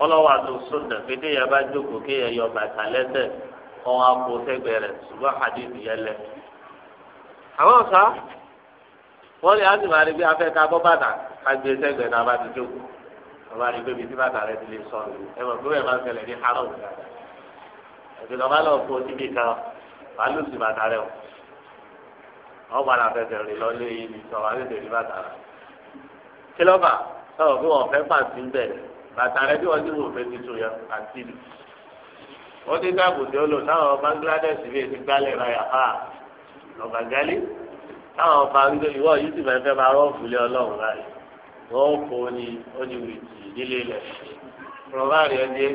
ọlọ́wọ́ àti sunna pété yẹn bá jókòó kéèyàn yọ bàtà lẹ́sẹ̀ kọ́ wọn kó sẹ́gbẹ̀ẹ́ rẹ̀ ṣùgbọ́n hadith yẹn lẹ. àwọn ọ̀sá wọ́n lè ásì máa rí bí afẹ́ ká bọ́ bàtà ká gbé sẹ́gbẹ̀ẹ́ náà bá ti jókòó ọba rí pé bíi bàtà rẹ ti lè sọ ẹ mọ̀ ń ṣẹlẹ̀ kan wàá lù sí bàtà rẹ o wọ́n padà fẹsẹ̀ rìn lọ lé yìí ní sọ wàá lè tẹ̀lé bàtà rẹ kí lọ́ba sọ̀rọ̀ pé wọ́n fẹ́ pàṣẹ ń bẹ̀rẹ̀ bàtà rẹ bí wọ́n ti wò fẹ́ titun yẹn àti ìlú. wọ́n ti dáàbò tí ó lò táwọn Bangladesh bíi ti gbálẹ̀ ráyà fà lọ́gbà gálí táwọn fàǹgbé ìwọ yìí ti fẹ́ máa rọ́ọ̀fù lé ọlọ́run láyé wọ́n kó ní oníwìtì nílé ilẹ̀ rọ̀bárì ẹni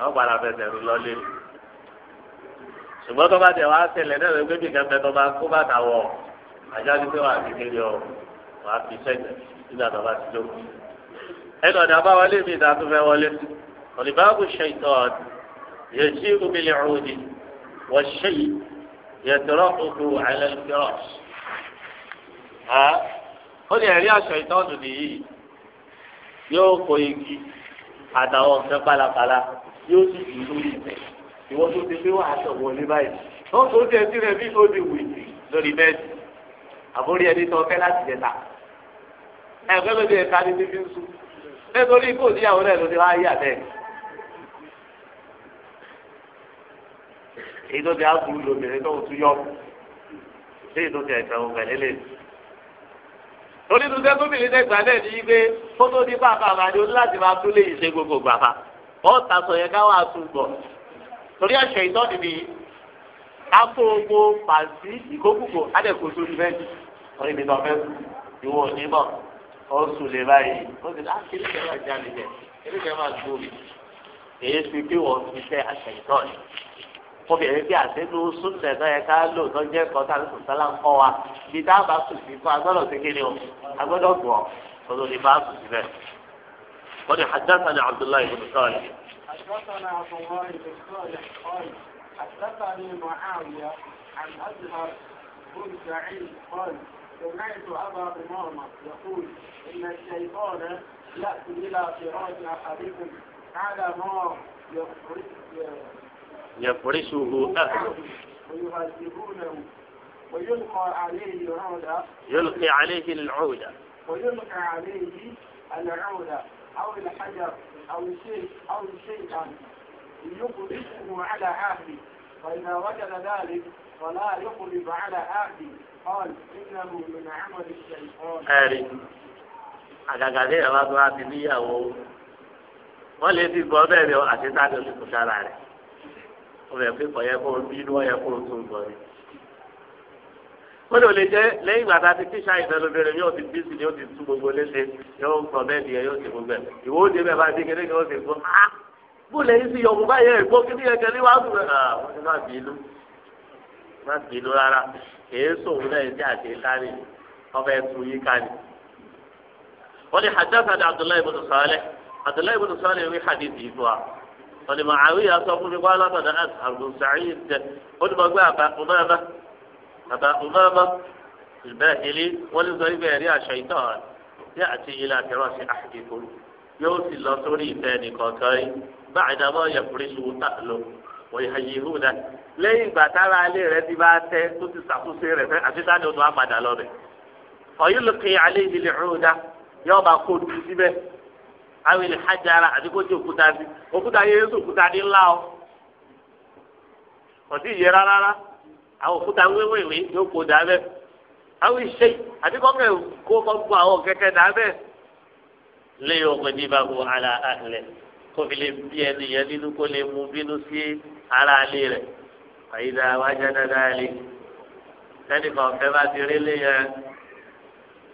àwọn padà fẹsẹ̀ rú lọ́lé ṣùgbọ́n tó bá tẹ̀ wá ṣẹlẹ̀ náà lọ́gbẹ́ bí kẹfẹ́ tó bá kó bàtà wọ̀ àjá ti pé wà á ọ̀ wà á fi sẹ́gbẹ̀ nígbà tó bá ti jókòó ẹnu ọ̀dà bá wọlé mi ìdá tó fẹ́ wọlé ọ̀lìbáàbù ṣèǹtọ́n yẹtí omílẹ̀ ọ̀dì wọ́n ṣe yẹtọ̀rọ̀ òkú àìlẹ́lẹ́fẹ́rọ̀. ó ní ẹ̀rí àṣọ ìtọ́nù nìyí yóò kó igi àtàwọn ọ̀fẹ́ pálapàla yóò sì dùn lórí ìtẹ̀ ìwọ tó ti fi wà aṣọ wọlé báyìí. wọ́n tó ti ẹtí rẹ̀ bí ó ti wì lórí bẹ́ẹ̀dì àbórí ẹni tó fẹ́ láti jẹta. ẹ̀gbẹ́ mi ti ẹ̀ka ni ti fi ń sùn nítorí kò níyàwó náà ló ti wá yà bẹ́ẹ̀. èyí tó ti àbúrú lóbìnrin tó tún yọ èyí tó ti ẹ̀sẹ̀ òun pẹ̀lú lè. torí tó tẹ́ gómìnà tẹ̀gbà náà ní pé kó tó ní bàbá àmàdé oní láti máa tún lè yìí ṣe gbogbo gbàfà wọ́n ta sọ yẹn káwọn àtúgbọ̀ torí àṣẹ ìtọ́ni mi káfó gbó pàṣí ìkókùkò adẹ̀kọ̀ sórí bẹ́ẹ̀ ni mi lọ fẹ́ ìwọ ní Ọ lè báyìí ó ti láti ah, kí lóògùn máa jáde jẹ kí lóògùn máa gbòòrì èyí ti bí wọ́n ti fẹ́ àṣẹyìntàn obìnrin bí àtẹnu súnlẹ̀ náà yẹ ká lò tó jẹ́ kọ́tà lóṣù sálá ń kọ́ wa bí tá bá sùn sí fún agbọ́dọ̀ sí kí ni o agbọ́dọ̀ gbọ́ ọ̀dọ̀ ni bá sùn síbẹ̀. wọ́n ní حدثنا عبد الله بن صالح. حدثنا عبد الله بن صالح قال حدثني معاوية سمعت أبا بمرمى يقول إن الشيطان يأتي إلى فراش أحدكم على ما يفرشه أهله ويهذبونه ويلقى عليه العودة يلقي عليه العودة ويلقى عليه العودة أو الحجر أو شيء أو شيئا يقلبه على أهله فإذا وجد ذلك فلا يقلب على أهله ẹ̀rí àgàgà ní ìyàwó àgbà ti níyàwó wọ́n lè ti gbọ́ bẹ́ẹ̀ ni àṣetá ni olùkọ́ sára rẹ̀ wọ́n yẹ pípọ̀ yẹ kó bínú yẹ kó tún gbọ́ ni. wọ́n lè jẹ́ lẹ́yìn ìgbà tá a ti kíṣà ìdánilóbìnrin yóò ti bí sí ni yóò ti tú gbogbo léṣe yóò sọ bẹ́ẹ̀ ni yóò ti gbogbo ẹ̀ ìwọ òde bẹ́ẹ̀ bá ti kéde ni yóò ti gbọ́ á ah, bó lẹ́yìn sí yọ̀ọ̀mù báyẹn ìgbó kí kìí sòwò náà ẹni àti kárì ọba ẹtù yìí kárì. wọ́n ní hadathana abdullahi ibn salih abdullahi ibn salih wí hadith yìí fún wa wọ́n ní màáwí yà sọ fún mi wọ́n alábàdàn abdul sa'id wọ́n ní mo gbé àbá umama àbá umama ìbẹ́ẹ̀lì wọ́n ní sọ́rí bẹ́ẹ̀ rí aṣọ ìtọ́ yóò sì lọ sórí ìfẹ́ nìkan kan yìí báyìí náà wọ́n yẹ ويهيئونه lẹ́yìn ìgbà tára alẹ́ rẹ̀ ti bá tẹ́ tó ti sàkóso rẹ̀ fẹ́ àti sáà ni o tó wá padà lọ rẹ̀ ọ̀yìn ló kí alẹ́ ìdílé ọ̀dà yóò bá kó tu síbẹ̀ àwọn àti kó òkúta sí òkúta òkúta ńlá o kò sí rárá àwọn òkúta yóò kó bẹ́ẹ̀ àwọn iṣẹ́ àti kọ́kẹ́ kó kọ́ gbọ́ àwọn kẹ́kẹ́ bẹ́ẹ̀ lẹ́yìn ọ̀gbẹ́ni bá wọ kóbi lè bí ẹni yẹn nínú kó lè mú bínú sí ara alẹ rẹ àyíká wájà dáadáa lé lẹ́nu kan fẹ́ bá ti rí lé yẹn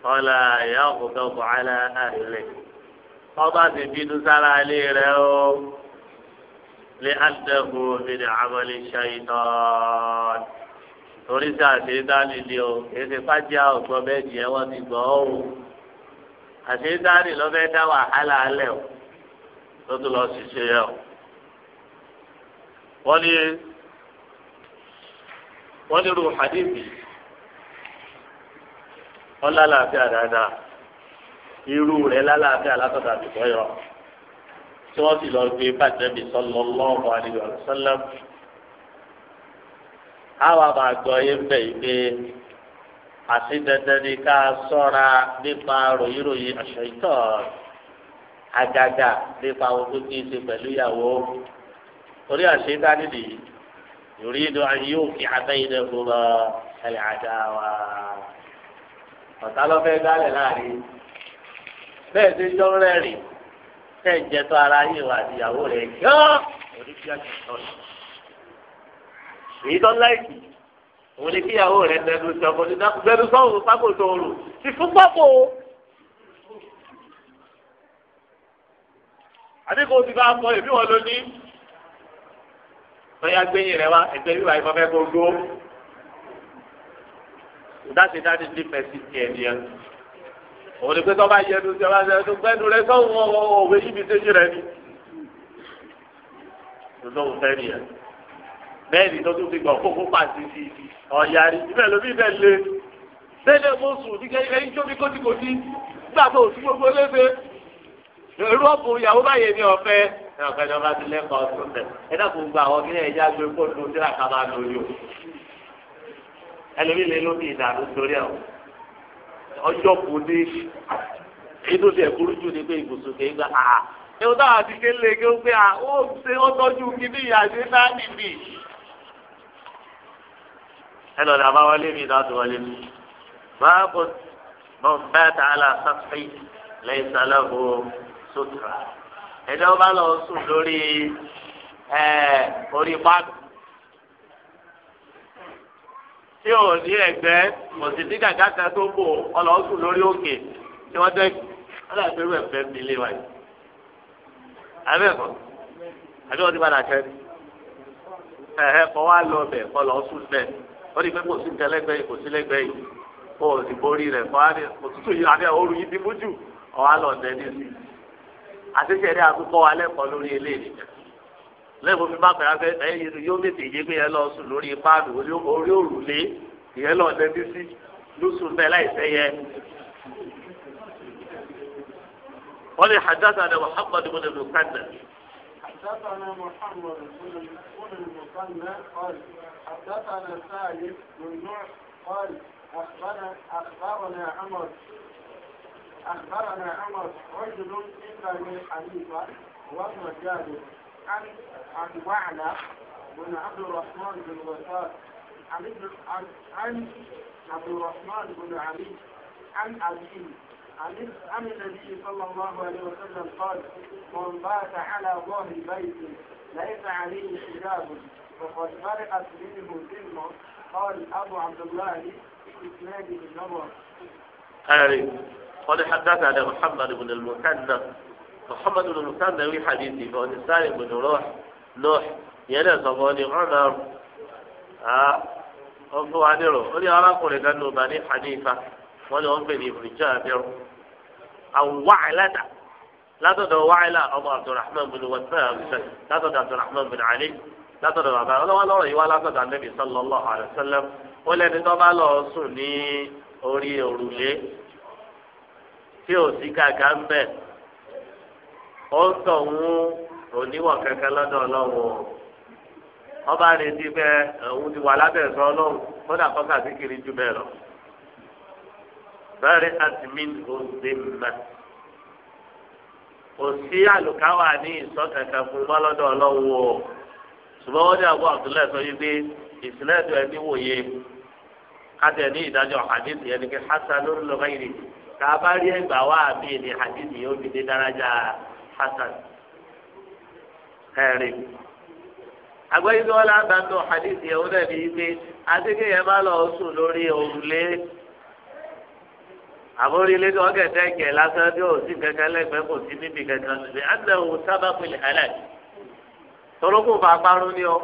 kọ́lá ìyá òkùnkà ọkọ̀ àlà àìlẹ̀ ọba ti bínú sára alẹ rẹ o lè àdàbò mi ní àmọ́lé ṣayitán torí sí àṣeyídánì ni o èsì fájà ọ̀gbọ́n bẹ́ẹ̀ jẹ́ wọ́n ti gbọ́ ọ́ o àṣeyídánì lọ́fẹ́ dá wàhálà alẹ́ o tó tó lọ ṣiṣẹ́ yẹ o wọ́n ní wọ́n ní irú hadithi wọ́n lálàáfíà dáadáa irú rẹ̀ lálàáfíà látọ̀dà àbíkọ́ yọ tí wọ́n sì lọ gbé bàjẹ́bí sallallahu alaihi wa sallam àwa bá gbọ́ yé bẹ̀ yìí pé àti dandan ni ká sọ́ra nípa ròyìnròyìn àṣẹ ìtọ́ọ̀rọ̀ àgàgà nípa ohun tó ti ṣe pẹ̀lú ìyàwó torí àṣetá nídì yòrídò ayé òkè abẹ́yẹdẹ gbogbo ẹ̀yà àdá wa ọ̀tá lọ́fẹ́ dálẹ̀ láàrin bẹ́ẹ̀ ti jọ́ rẹ́rìn tẹ́ ń jẹtọ́ ara yìí wà àti ìyàwó rẹ̀ yọ́ oríṣi àjẹsọ́ rẹ̀. èyí tó láìkì òun ni kíyàwó rẹ̀ nẹnu sọ fún mi náà gbẹnu sọ́hùn pápò tó rò ti fún pápò àti kò sì bá a sọ èmi wọn ló ní. lọ́yà gbẹ̀yìn rẹ̀ wá ẹgbẹ́ bíbá ìfọ́ fẹ́ gbogbo. ìdáṣe dáadé ní fẹ̀sí ti ẹ̀ nìyẹn. òun ni pé tọ́ bá yẹ ẹnu tí ọba ṣe ẹnu gbẹ́nu rẹ sọ́wọ́n òwe yìí mi séjì rẹ ni. lọ́wọ́ fẹ́ nìyẹn. bẹ́ẹ̀ ni tọ́tún fi gbọ̀ kókó pàṣẹ sí i. ọ̀yàrí ibẹ̀ lómi ibẹ̀ le. sẹ́lẹ̀ mọ́sù ní kẹ́kẹ́ irú ọ̀pọ̀ ìyàwó báyẹn ní ọ̀fẹ́ ẹ̀ ọ̀fẹ́ ni wọ́n bá ti lẹ́kọ̀ọ́ tó tẹ̀ ẹ̀ dàpọ̀ gba àwọn kí ẹ̀ já gbé kóòtù tí ra ká máa lóyún ẹlòmíì lè lóbi ìdààmú torí ẹ̀ ọjọ́ kù ní inú ti ẹ̀kúrú jù ní pé ibùsùn kì í gbà á táwọn àti ké lè ké pé à ó ṣe ó tọ́jú kíní ìyàdé náà nìbì ẹ lọ ní abáwọlé mi náà wọlé mi báàbò mọ̀ bẹ́ẹ̀ tààlà sàfẹ́ lẹ́yìn sálẹ̀ sutura ẹni bá lọ sùn lórí ẹ orí tí ní gàgà kan tó bò ọ lọ sùn lórí òkè tí wọn dẹ mi lé wáyé ti padà kẹ́ ẹ̀hẹ́ kọ́ wá lọ bẹ̀ kọ́ lọ sùn ó pé kò sí kò sí yìí kò sì borí rẹ̀ kọ́ ní òtútù yìí òru yìí mú jù lọ sí i. àtẹ̀sẹ̀ ní àtúkọ́ wa lẹ́kọ̀ọ́ lórí eléyìí lẹ́kọ̀ọ́ fi má pẹ́ afẹ́ ẹ̀yìn yóò tètè yé pé yẹn lọ sùn lórí páàdù orí òrùlé ìyẹn lọ lẹ́bí sí lóṣù bẹ́ẹ̀ láìpẹ́ yẹ. wọ́n lè hajjata ní muhammadu bin mukanna. حدثنا محمد بن المثنى قال حدثنا سالم بن نوح قال أخبرنا أخبرنا عمر أخبرنا عمر رجل من بني حنيفة وابن جابر عن عن وعلى بن عبد الرحمن بن وسار عن عن عبد الرحمن بن علي عن أبيه عن عن النبي صلى الله عليه وسلم قال من بات على ظهر بيت ليس عليه حجاب فقد فرقت منه ذمه قال أبو عبد الله في إسناده النظر. قال حدثنا محمد بن المثنى محمد بن المثنى في حديثه فهو سالم بن روح نوح يلا صفواني عمر آه ọ̀fọ̀ adéró ó ní arákùnrin kan ló bá ní hanifa wọ́n ní wọ́n pè ní ibùdó jábẹ́rù àwàládà látọ̀dọ̀ wàhálà ọmọ abdulrahman bin wasan látọ̀dọ̀ abdulrahman bin ali látọ̀dọ̀ bàbá ọlọ́wọ́ lọ́rọ̀ yìí wá látọ̀dọ̀ anabi sallallahu alayhi wa sallam ó lẹ́ni tó bá lọ sùn ní orí òrùlé tí ò sí gàgà ń bẹ̀ ó tọ̀ ń oníwọ̀ kẹ́kẹ́ lọ́dọ̀ ọlọ́run ọba retí pé òun ti wà lábẹ́ ẹ̀sọ́ ọlọ́run kódà kọ́kà jù bẹ́ẹ̀ lọ. kò sí àlùkáwà ní ọlọ́run o ṣùgbọ́n wọ́n yìí pé ẹ̀dùn wòye lọ báyìí kàbá rí ẹgbà wá àbí fi dé daraja hasan ẹ̀rí. àgbẹ̀yìí tó hadithi yẹn ó dẹ̀ bí pé yẹn bá lọ sùn lórí òrùlé àbórílé tó ọ̀gẹ̀dẹ̀ ẹ̀gẹ̀ lásán tí o si kankan lẹ́gbẹ̀ẹ́ kò sí níbi kankan lọ́sẹ̀ àdéhùn sábà pèlè hẹ́lẹ̀ torókùn bá parun ní ọ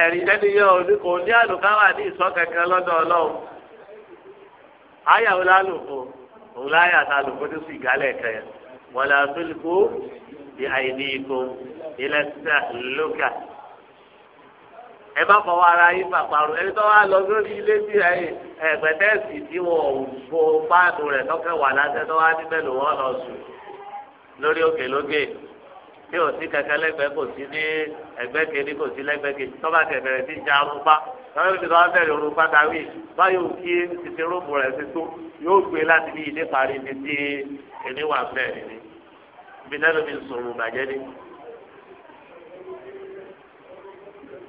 ẹ̀rí lẹ́nu yẹ òní ní àlùkáwà ní kankan àyà wò lálùkò òun láyà tá a lò fún sí ìgálẹ̀ kan yẹn wọn là tóli kó bí àyìní ikó ilẹ̀ tẹ̀ lókà ẹ bá fọwọ́ ara yín pàparọ̀ ẹni tó wá lọ sórí ilé tí ẹgbẹ̀tẹ́sì tí wọn ò bo páàdù rẹ̀ tọ́kẹ́ wà lásẹ̀ tó wá níbẹ̀ lọ sùn lórí òkè lókè tí ò sí kẹ̀kẹ́ lẹ́gbẹ̀ẹ́ kò sí ní ẹgbẹ́ kejì kò sí lẹ́gbẹ̀ẹ́ kejì tọ́ba kẹ̀kẹ́ ti já arúgbá sọ́yìn ti lọ́wọ́ bẹ̀rẹ̀ orun pátáwì báyọ̀ kí títí rúùmù rẹ̀ ti tó yóò gbé láti bí ilé parí ní ti ènìwà bẹ́ẹ̀ ni ibi lẹ́nu mi sòrò bàjẹ́ ni.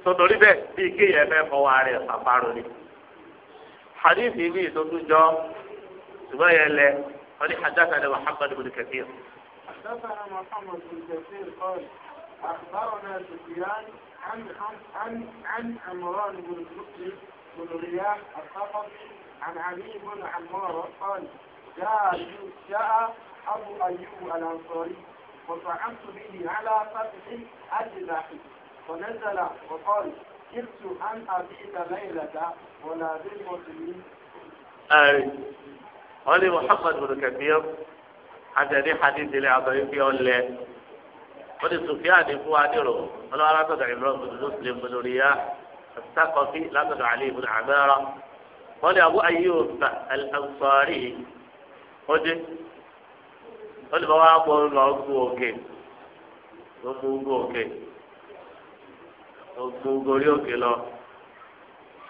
sọtòrí bẹ́ẹ̀ bí kéèyàn fẹ́ fọwọ́ rẹ̀ pàparò ni. hadithi mi tó tún jọ ṣùgbọ́n yẹn lẹ wọ́n ní hadathah ni muhammad bin kathir. hadathah ni muhammad bin kathir kọ́ọ̀lì àkùbárò náà ti fi عن عن عن عن عمران بن بن رياح الثقفي عن علي بن عمار قال جاء جاء ابو ايوب الانصاري وصعدت به على فتح اجنحه فنزل وقال جئت ان ابيك ليله ولا بالمسلمين. اي قال محمد بن كثير هذا حديث اللي الله wọ́n ti Sufyan ní fún adéró ọlọ́wọ́ látọ̀dọ̀ Imran bin Muslim bin Riyah as-Saqafi látọ̀dọ̀ Ali bin Amara wọ́n ní Abu Ayyub al-Ansari ó dé wọ́n ní bàbá àpò ńlọ gbó òkè gbó gbó òkè gbó gorí òkè lọ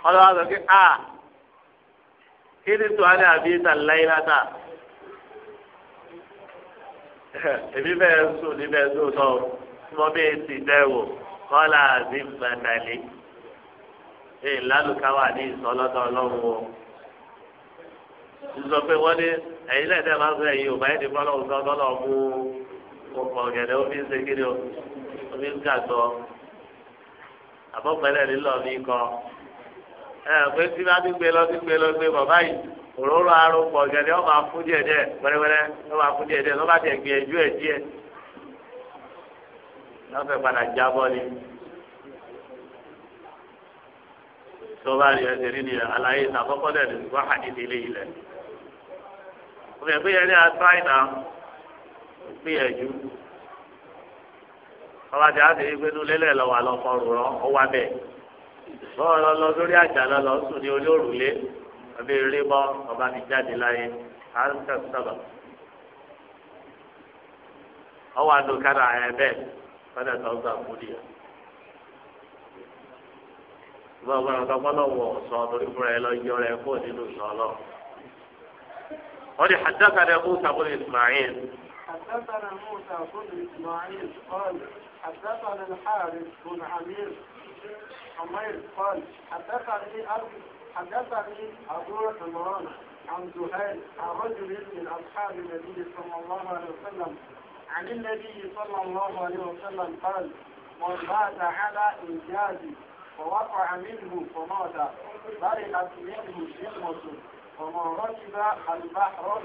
ọlọ́wọ́ sọ pé a ah, kí ni tó a ní àbí ìtàn láyé látà. èmi bẹ́ẹ̀ sùn ní bẹ́ẹ̀ sùn sọ tí mo bẹ́ẹ̀ sì dẹ́wò kọ́lá àti mẹ́tàlẹ́ èyí lálùká wà ní ìsọlọ́dọ̀ ọlọ́run o sísọ pé wọ́n ní ẹ̀yin lẹ́ẹ̀dẹ́ máa ń sọ ẹ̀yin ò báyìí ní fọlọ́run sọ tọ́lọ̀ mú ọkọ̀ ọ̀gẹ̀dẹ̀ ó fi ń ṣe kíni o ó fi ń gàgbọ́ àbọ̀pẹ̀lẹ̀ nílò mi kọ ẹ̀ pé tí bá ti gbé lọ ti gbé lọ gbé bọ̀ báyìí. òróró arúgbó ọ̀gẹ̀dẹ̀ ọba fún díẹ̀ díẹ̀ wẹ́rẹ́wẹ́rẹ́ ọba fún díẹ̀ díẹ̀ lọ́ba tẹ̀ gbìyànjú ẹ̀ díẹ̀ lọ́fẹ̀ẹ́ padà ni. tọ́ba rí ẹsẹ̀ nínú dẹ̀ ilẹ̀. òfin ní ọba a ti rí lélẹ̀ lọ́wọ́ àlọ́kọ̀ọ́rù ọwọ́ abẹ́. bọ́ọ̀ lọ lọ sórí àjà lọ lọ sùn ní ọbẹ̀ eré ọba mi jáde láyé à ń tẹ̀ sọ̀rọ̀ ọwọ́ àdókàdà ẹ̀ bẹ́ẹ̀ tó ń gbà fúdi ẹ̀ ìgbà sọ lórí fúnra ẹ lọ yọ ẹ kó nínú sọ lọ. حدثنا موسى بن حدثنا موسى بن قال حدثنا الحارث بن عمير عمير حدثني أبو عمران عن زهير عن رجل من أصحاب النبي صلى الله عليه وسلم عن النبي صلى الله عليه وسلم قال من مات على إنجازي فوقع منه فمات برئت منه شمة ومن ركب البحر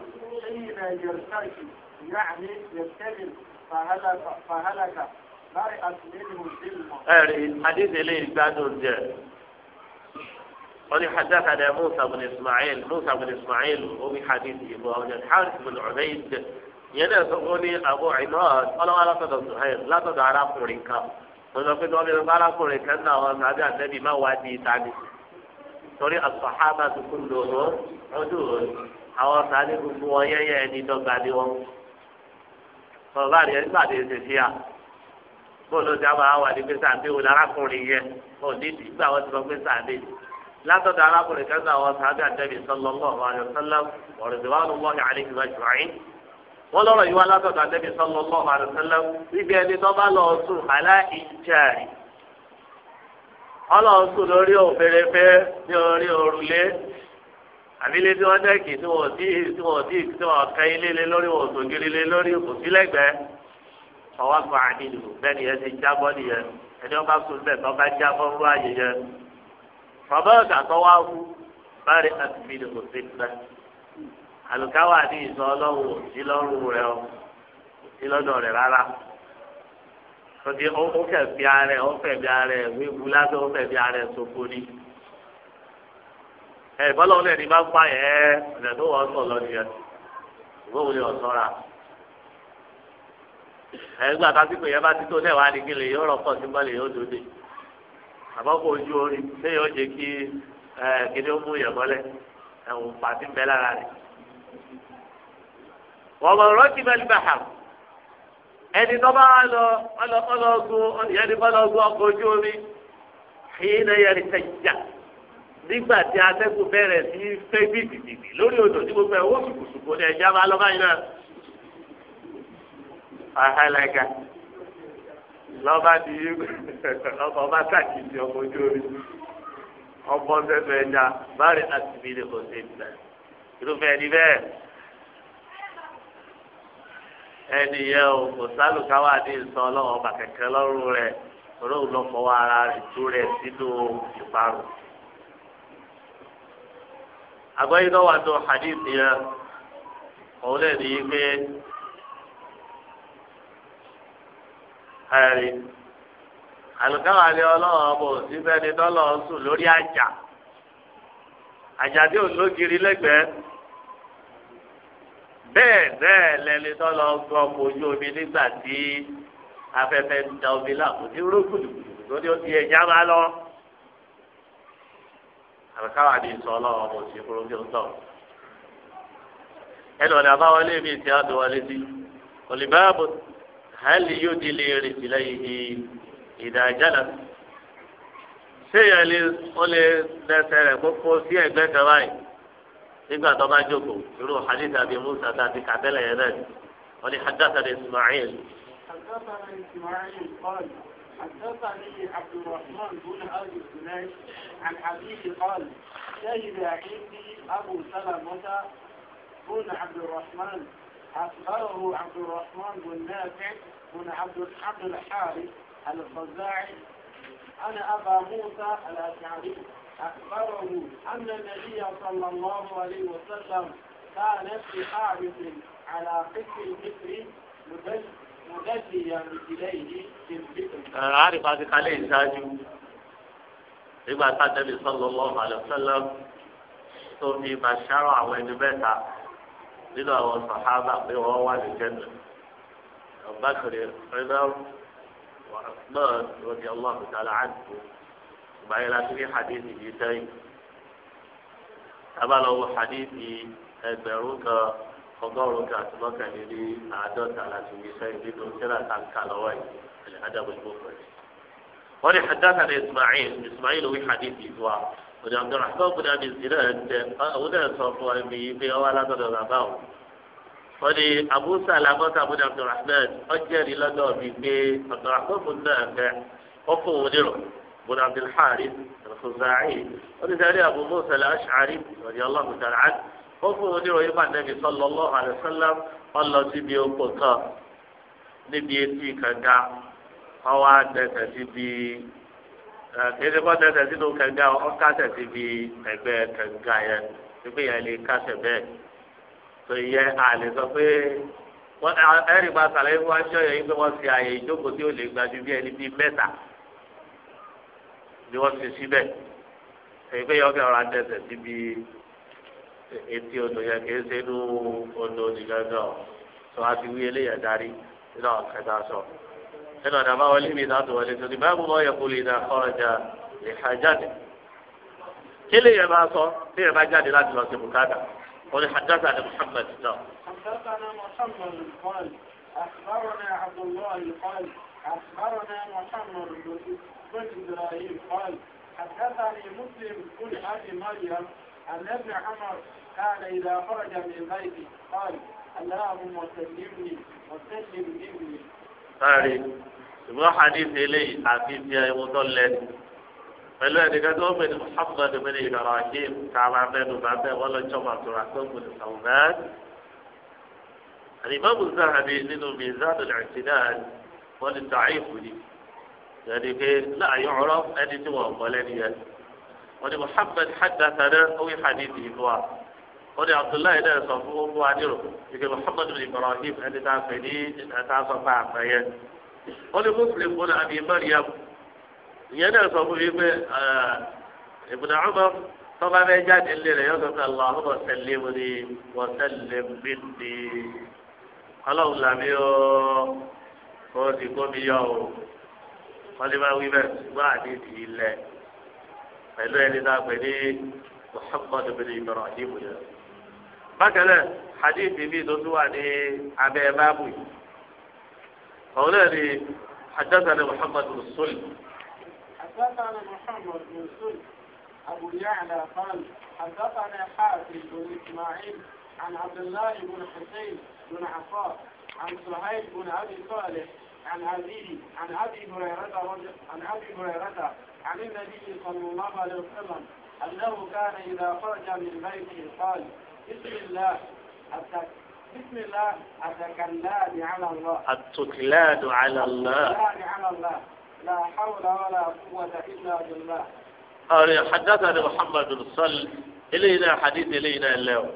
حين يرتكب يعني يرتكب فهلك فهلك برئت منه شمة. أري حديث إليه قال حدثنا موسى بن إسماعيل موسى بن إسماعيل وفي حديث إبراهيم الحارث بن عبيد ينسوني أبو عماد قال لا تدع زهير لا تدع على قرنك ونقول أبي على قرنك أن هذا النبي ما وادي تاني torí asọ̀hábà tó kú lòrò ọdún òní àwọn sáré gbogbo wọn yẹ́yẹ́ ẹni dọ́gba ni wọn. sọ̀rọ̀ rẹ̀ nígbàdé ṣe ṣíà bó ló dábàá wà ní pé sàbẹ̀wò lárakùnrin yẹn òní ìgbà wọn ti sọ pé sàbẹ̀wò látọ̀dọ̀ arákùnrin kẹsàn àwọn sàbí àtẹ́bí sallallahu alaihi wasallam warḍiwanullahi alaihim ajma'in wọ́n lọ́rọ̀ yìí wá látọ̀dọ̀ àtẹ́bí sallallahu alaihi wasallam ibi ẹni tó bá lọ sùn àlá ìjàrì ọlọ́run sùn lórí òfèrèfé ní orí òrùlé àbílẹ̀ tí wọ́n dẹ́kì tí wọ́n tí tí wọ́n tí tí wọ́n kẹ́ ilé lé lórí wọ́n tó gírí lé lórí kò sí lẹ́gbẹ̀ẹ́ ọwọ́ kan àdìlù fàbáàgà tó wá wú báyìí àtìmílì kò sí pẹ́ àlùkáwà ní ìsọ ọlọ́run òsì lọ́rùn rẹ̀ o òsì lọ́dọ̀ rẹ̀ rárá tọ́jú ó fẹ́ ọrụ ara ẹ̀ ó fẹ́ bí ara ẹ̀ wíwu lásán ó fẹ́ bí ara ẹ̀ sọ́kò ní. ẹ bọ́lá ọ̀lẹ́ ni àbọ̀kọ̀ ojú orin lẹ́yìn ọ̀jẹ̀ kí kíni ó mú yàn mọ́lẹ̀ ẹ̀wọ̀n pàtí ń bẹ lára rẹ̀. wọ́n mọ̀ rọ́ọ̀tì mẹ́lìbàhà ẹni tó bá lọ ọlọ́ọ̀gùn ẹni bá lọ gún ọkọ̀ ojú omi kìí náà yẹri tẹ̀jà nígbà tí atẹ́kùn bẹ̀rẹ̀ sí fẹ́ bìbìbì lórí odò tí gbogbo ẹ̀ wọ́n sùkùsùkù ní ẹja bá lọ́ báyìí náà lọ́ba di ọkọ̀ ọba sàkìtì ọkọ̀ ojú omi ọgbọ́n fẹ́fẹ́ ẹja báyìí àtìmí lè kọ́ sí ìgbà irúfẹ́ ẹni bẹ́ẹ̀ ẹni yẹ o kò sálùkáwá ní ìsọ ọlọ́wọ́ ọba kẹ̀kẹ́ lọ́rùn rẹ̀ olóhùn ló fọwọ́ ara rẹ̀ tú rẹ̀ sínú ìparun. àgbáyé náà wà tó hadith yẹn òun lè ní pé. ẹ̀rí àlùkáwà lé ọlọ́run ọmọ ni dọ́là ń lórí àjà àjà tí ò lógiri lẹ́gbẹ̀ẹ́ bẹ́ẹ̀ bẹ́ẹ̀ lẹni dọ́là ń ọkọ̀ ojú omi nígbà tí afẹ́fẹ́ ń da omi láàbò ní rúkùdùkùdù tó ní ó ti ẹ̀já máa lọ. àlùkáwà sọ ọlọ́run ọmọ òsínbẹ́ ni ó ẹnu ọ̀nà àbáwọlé mi ti á dùn wọlé sí hali yóò di lè retí lẹ́yìn ìdájálà séèyàn lè ó lè lẹsẹ̀ rẹ̀ kókó sí ẹ̀gbẹ́ kan báyìí nígbà tó bá jókòó irú hadith àbí musa tàbí kàtẹ́lẹ̀ yẹn náà wọ́n ní haddathana ismail. ismail حدثني عبد الرحمن بن ابي الزناد عن حبيب قال شهد عندي ابو سلمه بن عبد الرحمن أخبره عبد الرحمن بن نافع بن عبد الحق الحارث الخزاعي أنا أبا موسى الأشعري أخبره أن النبي صلى الله عليه وسلم كان في حارس على قسم البكر مدليا رجليه في البكر. عارف هذه عليه ساجد. nígbà tá a tẹ́lẹ̀ sọ́lọ́ lọ́wọ́ àlọ́ sẹ́lẹ̀ tó fi bàṣáró àwọn nínú àwọn sàhábà pé wọ́n wà ní jẹ́nu ọ̀bákiri ẹ̀dáwó náà lọ́dí ọlọ́run tààlà àdìgbò ìgbàyẹn láti rí hadithi yìí sẹ́yìn tábàlọ́wọ́ hadithi ẹgbẹ̀rún kan ọgọ́rùn kan àti mọ́kànlélí àádọ́ta láti rí sẹ́yìn nínú tíra tá a kà lọ́wọ́ yìí ẹ̀lẹ́ adábọ̀ ìgbòkùnrin. wọ́n ní haddatha ní ismail ismail wí hadithi yìí ọ̀dọ̀ abdulrahman bin abi zira ẹ̀ ọ̀hún ẹ̀ sọ fún ẹ̀mí yìí pé ọwọ́ alátọ̀dọ̀ bàbá o. wọ́n ní abu salamata bin abdulrahman ọjẹ́rì lọ́dọ̀ mi pé abdulrahman bin nàfẹ́ ó fún òun nírò bin abdulhari alkhuzai wọ́n ní sẹ́rí abu musa al-ashari radiyallahu ta'ala anhu fún òun nírò yípa nẹ́bi sallallahu alayhi ọlọ síbi oko kan níbi etí kànga ọwọ́ adẹ́tẹ̀ síbi kéde kọ́ tẹ̀sẹ̀ sínú kẹ̀ǹgà ọ sí bi ẹgbẹ́ kẹ̀ǹgà yẹn wípé yẹn lè kásẹ̀ bẹ́ẹ̀ tó yẹ àlè sọ pé ẹ̀rì máa sàlàyé fún aṣọ yẹn pé wọ́n fi àyè ìjókòó tí ó lè gba ju bí ẹni bíi mẹ́ta ni wọ́n fi síbẹ̀ èyí pé yọ̀ọ́ kẹ́rọ̀ àtẹ̀sẹ̀ sí bi etí odò yẹn kì í ṣe inú odò nìkan náà wí eléyà darí nínú ọ̀kẹ́ta sọ. في العلماء والإمداد والإمداد ما هو الله يقول إذا خرج لحاجاته كل يما صار في مجال لا تلاقي مكانه قل حدث عن محمد لا نعم. حدثنا محمد قال أخبرنا عبد الله قال أخبرنا محمد بن إبراهيم قال حدثني مسلم كل أبي مريم عن ابن عمر قال إذا خرج من بيته قال اللهم سلمني وسلم ابني sáré ṣùgbọ́n hadith eléyìí àfi ti ẹ̀wù tó lẹ pẹ̀lú ẹ̀dẹ̀gẹ́ tó ń pè ní Muhammad bin Ibrahim káàmà mẹ́nu bá bẹ́ẹ̀ wọ́n lọ jọmọ àtúrà tó ń pè ní sàwùmẹ́t. àlìmọ́bù Zahabi nínú mizan al-i'tidal wọ́n ti tà áyì fúdi yẹ́nì pé láàyè ọ̀rọ̀ ẹni tí wọ́n mọ̀ lẹ́nu yẹn. wọ́n ní Muhammad haddathana ó wí hadith yìí wọ́n ní abdullahi náà sọ fún gbogbo adìrò ìgbẹ́ muhammadu ibrahim ẹni tá a fẹ́ ní ẹ̀ka sọ fún àgbáyé wọ́n ní muslim fún abi mariam ìyẹn náà sọ fún mi pé eh, ibùdó umar tọ́ba bẹ́ẹ̀ jáde lé rẹ̀ yóò sọ fún allahumma sallim ni wa sallim minni ọlọ́run làmí o kó o sì kó mi yọ o wọ́n ní bá wí bẹ́ẹ̀ ṣùgbọ́n àdéhùn ilẹ̀ pẹ̀lú ẹni tá a pè ní muhammadu ibrahim yẹn bákan náà hadith bíi tó tún wà ní abẹ́ báàbù yìí òun náà ni حدثنا محمد بن سلم حدثنا محمد بن سلم أبو يعلى قال حدثنا حافظ بن إسماعيل عن عبد الله بن حسين بن عفاف عن سهيل بن أبي صالح عن أبيه عن أبي هريرة عن أبي هريرة عن النبي صلى الله عليه وسلم أنه كان إذا خرج من بيته قال بسم الله بسم الله أتكلم على الله التكلاد على الله على الله لا حول ولا قوة إلا بالله قال حدثنا محمد بن صل إلينا حديث إلينا اليوم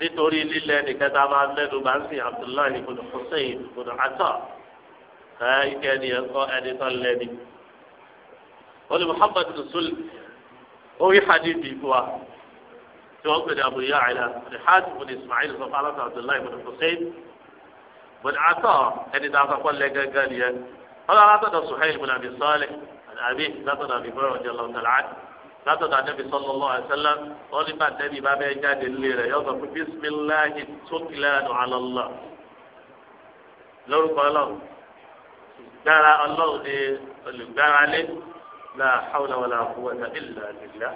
لتوري لله كتب عبد الله عبد الله بن حسين بن عطاء هاي كان يلقى أن يصلي قال محمد بن صل هو حديثي هو tí wọ́n gbèdé Abu Ya'la ní hajj bin Ismail sọfọ aláta Abdullahi bin Hussein bin atọ ẹni tá a sọ pọ́n lẹ́gẹ́gẹ́ nìyẹn wọ́n lọ́wọ́ látọ̀dọ̀ Suhail bin Abi Salih àbí látọ̀dọ̀ Abi Hurairah ọjọ́ lọ́wọ́ tẹ̀lé àti látọ̀dọ̀ Ànábì sallallahu alaihi wasallam wọ́n ní bá Ànábì bá bẹ́ẹ̀ jáde nílé rẹ̀ yọ sọ fún bisimilahi tókìlẹ́nu alọ́lá lórúkọ ọlọ́run gbára ọlọ́run ní olùgbáralé la hawla wala quwwata illa billah.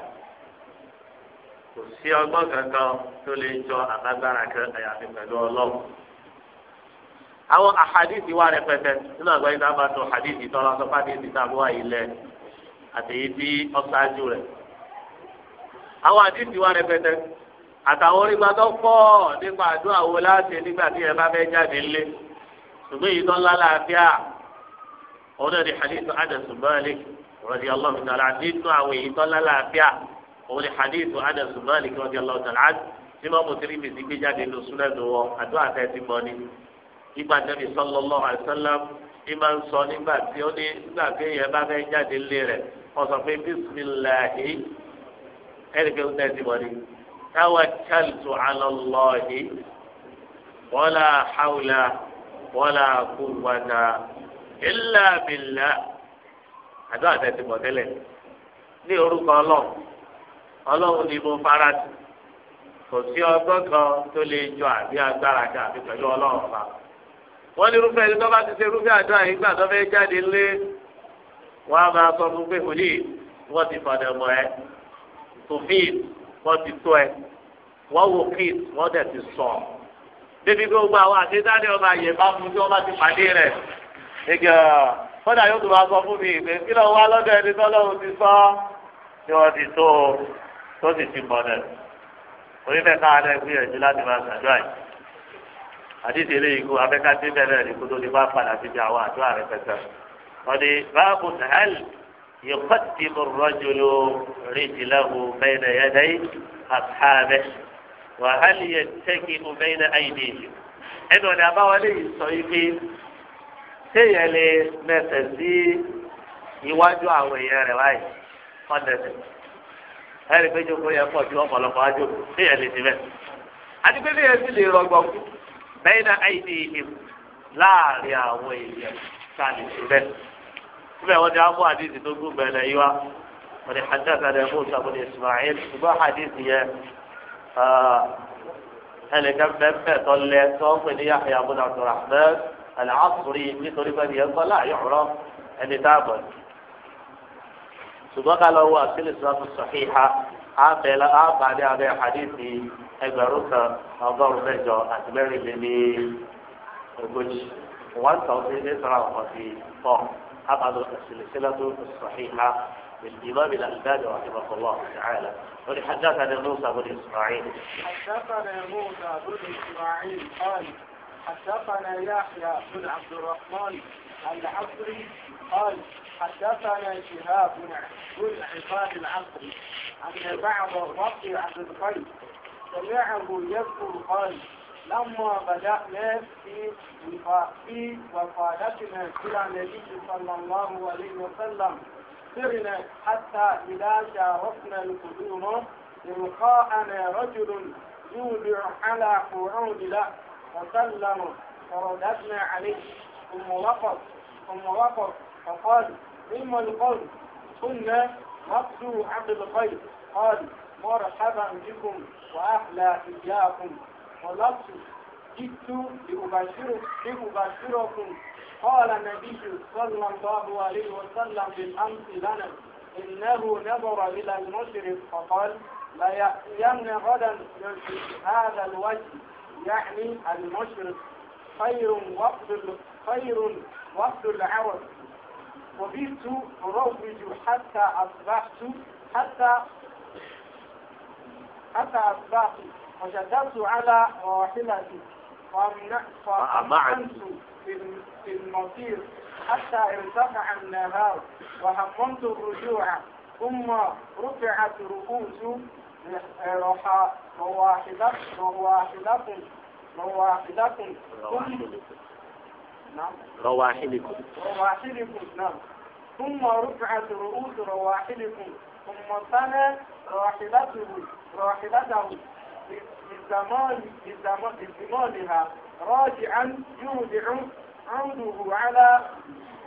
kò sí ọgbọ́n kankan tó lè jọ àbágbára kan àyàfi pẹ̀lú ọlọ́run. àwọn àhadìsí wà rẹpẹtẹ nínú àgbáyé tá a bá tún àhadìsí tọ́lá tá a bọ́ àyílẹ̀ àtẹ̀yí tí ọ̀ṣáájú rẹ̀. àwọn àdìsí wà rẹpẹtẹ àtàwọn orígbà tó pọ̀ nípa àdúrà wo láti nígbà tí ẹ bá fẹ́ jáde ńlé ṣùgbọ́n èyí tó ńlá láàfíà ọ̀nà òun ni hadith anas malik radiyallahu ta'ala anhu tí mọ́mú tirimi ti gbé jáde lọ súnlẹ̀ ló wọ àdúrà tẹ́ ti mọ́ ni ìgbà tẹ́bi sallallahu alaihi wasallam ní máa ń sọ nígbà tí ó ní nígbà tí èèyàn bá fẹ́ jáde lé rẹ̀ wọ́n sọ pé bisimilahi ẹ̀rí pé ó tẹ́ ti mọ́ ni tawakkaltu ala Allahi wala hawla wala quwwata illa billah àdúrà tẹ́ ti mọ́ tẹ́lẹ̀ ní orúkọ ọlọ́run ọlọ́run ni mo fara tì kò sí ọgbọ́n kan tó lè jọ àbí agbára kan àbí pẹ̀lú ọlọ́run fa. wọ́n ní irúfẹ́ ẹni tó bá ti ṣe irúfẹ́ àdúrà yìí gbà tó fẹ́ jáde lé wọ́n á máa sọ fún pé wòlíì wọ́n ti fọ̀dọ̀ mọ́ ẹ tòfin wọ́n ti tó ẹ wọ́n wò kíìt wọ́n dẹ̀ ti sọ. débi pé gbogbo àwọn àtẹ́tàdé ọba yẹn bá fún tí wọ́n bá ti pàdé rẹ̀ ẹgbẹ́ kọ́dà yóò tó máa sọ fún mi ìgbé kí lọ́wọ́ lọ́dọ̀ ẹni tọ́lọ́run ti sọ ni wọ́n ti tó o tó sì ti mọ̀ náà onífẹ́ káwọn náà gbìyànjú láti máa ṣàdúrà yìí àdìsí eléyìí kó abẹ́ká dé bẹ́ẹ̀ ní kótó ní bá padà síbi àwọn àdúrà rẹ̀ pẹ̀tẹ́ ọ̀dẹ báàbù sahel yìkọ́tìmù rọ́jòló rìjìláwò bẹ́ẹ̀ yẹ́dẹ́yì àtàbẹ́ wàhálì yẹ tẹ́kì mu bẹ́ẹ̀ àyìnbí ẹnu ọ̀dẹ àbáwọlé yìí sọ yìí téèyàn lè mẹ́sẹ̀ sí iwájú àwọn èèyàn rẹ̀ báyìí ọ̀dẹ̀sẹ̀ ẹ̀rí pé jókòó yẹn pọ̀ ju ọ̀pọ̀lọpọ̀ ajo téèyàn lè ti bẹ́ẹ̀. àti pé téèyàn sì lè rọgbọ kú bẹ́ẹ̀ náà àìdí ìhìn láàrin àwọn èèyàn ká lè ti bẹ́ẹ̀. síbẹ̀ wọ́n ti ápò àdìsí tó gún bẹ̀rẹ̀ yìí wá wọ́n ti hajjata rẹ̀ mú sàbọ̀n Ismail ṣùgbọ́n àdìsí yẹn ẹnìkan bẹ́ẹ̀ tó lẹ tó ń pè ní Yahya ibn Abdurrahman al-Asri nítorí pé ẹnìyẹn kọ́ láàyò ọ̀rọ̀ ẹni táàbọ̀ ni. سبق له أصل الصلاة الصحيحة آب إلى آب بعد هذا الحديث أجرت أضر بيجا أتمر لي بج وان توصيل إسراء وفي طه أبعد السلسلة الصحيحة للإمام الألباني رحمه الله تعالى ولحدثنا موسى بن إسماعيل حدثنا موسى بن إسماعيل قال حدثنا يحيى بن عبد الرحمن العصري قال حدثنا شهاب بن عباد العقل أن بعض الرب عبد الخير سمعه يذكر قال لما بدأنا في في وفادتنا إلى النبي صلى الله عليه وسلم سرنا حتى إذا شاركنا القدور تلقاءنا رجل يودع على قعود له فسلم فرددنا عليه ثم وقف ثم وقف فقال ثم القول قلنا نقصوا عبد الخير قال مرحبا بكم وأهلا إياكم ولقصوا جئت لأبشركم لأبشركم قال النبي صلى الله عليه وسلم بالأمس لنا إنه نظر إلى المشرق فقال لا يأتين غدا هذا الوجه يعني المشرق خير وقت خير وقت العرب وبيت أروج حتى أصبحت حتى حتى أصبحت وجدت على راحلتي وأمعنت في المصير حتى ارتفع النهار وهممت الرجوع ثم رفعت رؤوس رواحلة رواحلة رواحلة نعم. رواحلكم رواحلكم نعم ثم رفعت رؤوس رواحلكم ثم طلت راحلته راحلته بالزمان بزمانها راجعا يودع عوده على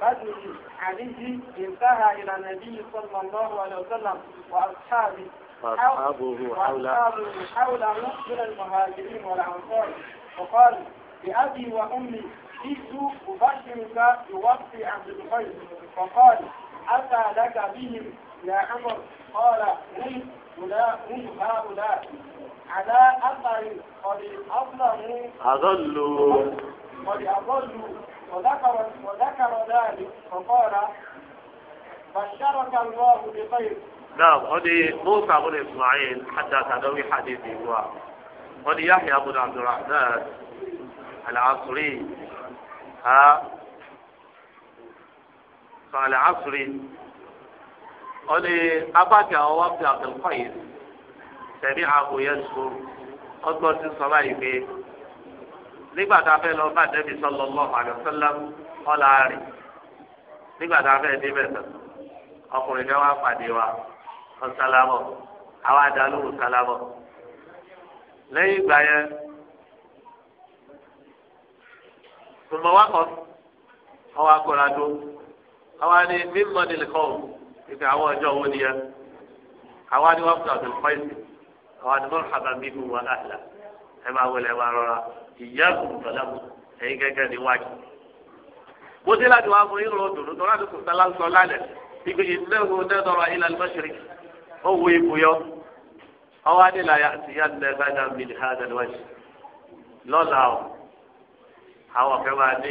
بدنه عليه انتهى إلى النبي صلى الله عليه وسلم وأصحابه وأصحابه حوله حوله من المهاجرين والأنصار وقال بأبي وأمي إذ أبشرك بوقت عبد الخير فقال أتى لك بهم يا عمر قال هم هم هؤلاء على أثر قد أظلموا أظلوا قد أظلوا وذكر وذكر ذلك فقال بشرك الله بخير نعم هذه موسى بن اسماعيل حدث عن حديثه هو يحيى بن عبد الرحمن العصري ها ọ عصري قال أباك ọ أبي عبد القيس سمعه يذكر أكبر في الصلاة ọ nígbà tá a fẹ́ lọ bá Ànábì sallallahu alaihi wasallam ọ̀la ọ nígbà tá a fẹ́ débẹ̀ tán ọkùnrin kan wá pàdé wa ọ àwa dàlú ọ̀sálámọ̀ lẹ́yìn ìgbà yẹn. tùmọ wákọ ọwọ akọra tó àwọn àni mímọ nílẹ kọ ọ ìfẹ́ àwọn ọjọ́ wo ni yẹ àwọn àni wọn fún àtúntò pẹ̀lú àwọn àni wọn hàbà mí fún wọn àlà ẹ máa wọlé ẹ máa rọra ìyá kùn tọ́lá mu ẹ̀yin gẹ́gẹ́ níwájú bó dé láti wàá fún irun òdòdó tó láti kùn sálá sọ lálẹ́ ibi ìnáwó nẹ́tọ̀rọ̀ ilẹ̀ alimọ́sirì ó wo ibùyọ ọwọ́ adé la yà sí yà lẹ́gbàdà mi ní hàdà níwájú lọ́la o àwọn kan máa dé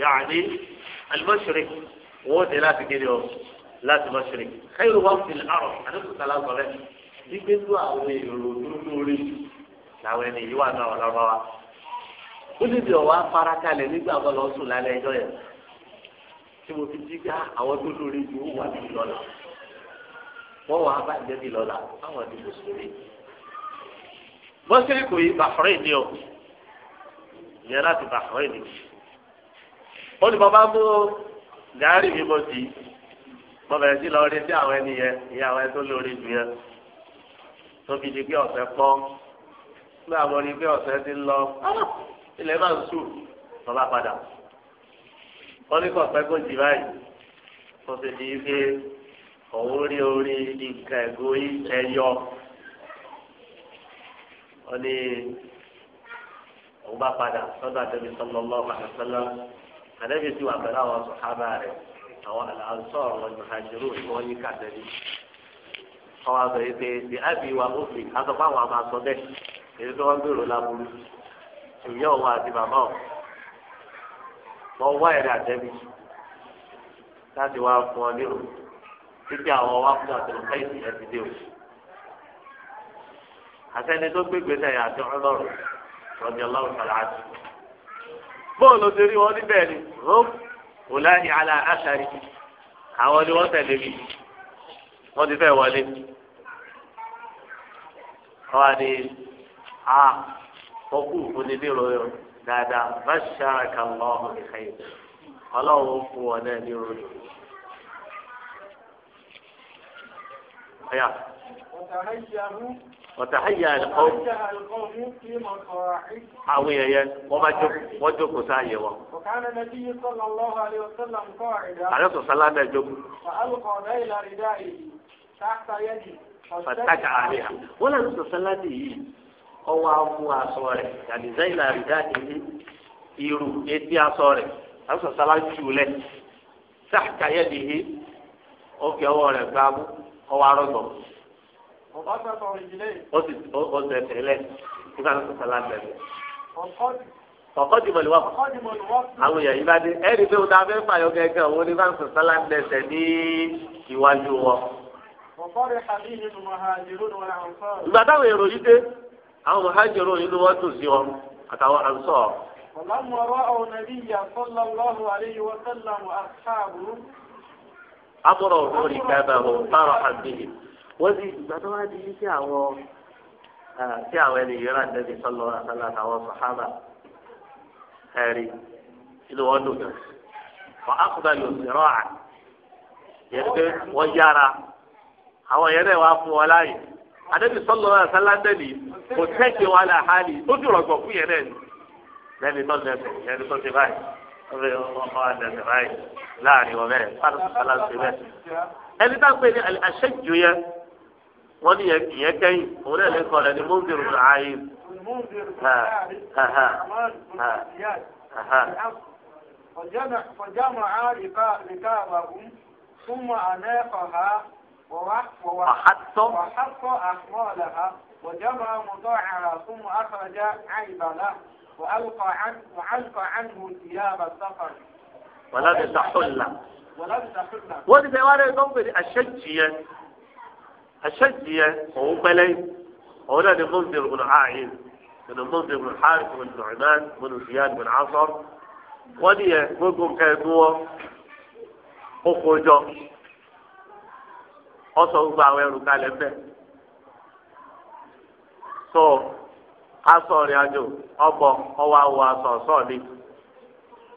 yaani alimọsirik wọn ó dé láti kéde o láti mọsirik káyọ̀ wọn fi àrò àdókòtà lásán rẹ gbígbé tó àwọn èrò lórí làwọn ẹni yìí wà náà ọlọ́rọ̀ wa ó ní bí ọwọ́ afárá kalẹ̀ nígbà wọn lọ sùn lálẹ́ ẹjọ́ yẹn tí mo fi dígbà àwọn tó lórí ju wà níbi lọ́la wọ́n wà á bá ìjẹ́bi lọ́la báwọn ti mùsùlùmí mọsirik yìí bàfúrẹ́ ni o yẹn láti bàkọ́ ìlú ó ní bàbá mú gàárì mi mo dì mo bẹ̀rẹ̀ sí lọ rí sí àwọn ẹni yẹn ìyá àwọn ẹni tó lórí ju yẹn tóbi di pé ọ̀sẹ̀ pọ́n ní àwọn ní pé ọ̀sẹ̀ ti lọ ah, ilẹ̀ máa ń sùn bàbá padà wọ́n ní kọ̀ kó jì báyìí kó sì di pé òun rí orí nǹkan ẹ̀gọ́ ẹ̀yọ wọ́n ní òun bá padà sọ́dọ̀ àtẹ́bí sallallahu alaihi wasallam àtẹ́bí sì wà pẹ̀lú àwọn sọ̀hábà rẹ̀ àwọn àlùsọ̀rọ̀ wọn ju hajjúrú tí wọ́n ní kàtẹ́bí. ọwọ́ àgbà yìí pé the ib wa mọ́fì aṣọ fáwọn àmà sọ bẹ́ẹ̀ èyí tó wọ́n gbèrò láburú ìyá òun àti bàbá ọ̀ mọ wá ẹ̀rẹ́ àtẹ́bí láti wá fún ọ nírò títí àwọn wá fún àtẹ̀lẹ́fẹ́ ìsìn ẹ̀ rọ̀bì ọlọ́run sọ̀rọ̀ àti. bóòlù ti rí wọn níbẹ̀ ni rọ́m ọ̀làyé àlà àṣàrí àwọn ni wọ́n tẹ̀lé mi wọ́n ti fẹ́ wọlé. wọ́n á ní a ọkú onídìrò dáadáa bá ṣára kan lọ́wọ́ ìkẹyìn ọlọ́run fún ọ náà ní ròdò. ọ̀yà. ọ̀tàhàyà ẹ̀kọ́ àwọn A yẹn wọ́n jókòó sáàyè wọn. ààrẹ sọ̀sọ́ ládàá jókòó. fàtàkà àríyá wọ́n lẹ́nu sọ̀sọ́ ládàá yìí ọwọ́ amú aṣọ rẹ̀ gàdìzẹ́ ìlàrí dáadéé irú etí aṣọ rẹ̀ ààrẹ sọ̀sọ́ ládàá jù lẹ̀ sáàkà yẹ́dìí ó fi ọwọ́ rẹ̀ gbámú ó sì ó sẹ̀sẹ̀ lẹ̀ nígbà tó sọ̀rọ̀ àgbẹ̀rẹ̀. ọ̀kọ́ ti mọ̀lúwà àwọn èèyàn yìí bá dé ẹ̀rí pé òun abẹ́ fàyọ gẹ́gẹ́ òun ní báńkì sọ́lá ń dẹsẹ̀ ní ìwájú wọn. ìgbà táwọn èrò yìí dé àwọn mọ̀hájọ́rò inú wọn tún sí wọn àtàwọn àǹsọ̀. ولما رأوا النبي صلى الله عليه وسلم أصحابه أمروا بركابه فرحا بهم wọ́n ti ìgbà tó wá di sí àwọn sí àwọn ẹni yìí rà nẹ́bí sọ́lọ́ àtàlà àtàwọn sàhábà ẹ̀rí inú wọn dùn náà wọ́n á kúta lò sí rọ́ọ̀à yẹn pé wọ́n yára àwọn yẹn náà wàá fún wọn láàyè àdébí sọ́lọ́ àtàlà nẹ́bí kò tẹ́kì wọn là há ó dùn ọ̀gbọ̀n fún yẹn náà lẹ́ni tó lẹ́sẹ̀ lẹ́ni tó ti báyìí ọmọ àdẹ̀sẹ̀ báyìí láàrin wọn bẹ́ẹ̀ fáwọn sọ́lá ẹni tá a pè ní àṣẹ́jù yẹn wọ́n ní ìyẹn kẹ́yìn òun náà lè kọ́ rẹ̀ ní mọ́ńdìrú ààyè. فجمع ركابهم أحمالها وجمع مضاعها ثم أخرج عيب له وألقى عنه وألقى عنه ثياب السفر ولبس حلة ولبس حلة ولبس حلة ولبس حلة àṣẹ́jì yẹn òun pẹ́lẹ́ òun náà ni mọ́nzẹ̀rù bùnú ààyè bùnú mọ́nzẹ̀rù bùnú hàrì bùnú nùcmán bùnú ziyad bùnú asọ́r wọ́n kojọ sọ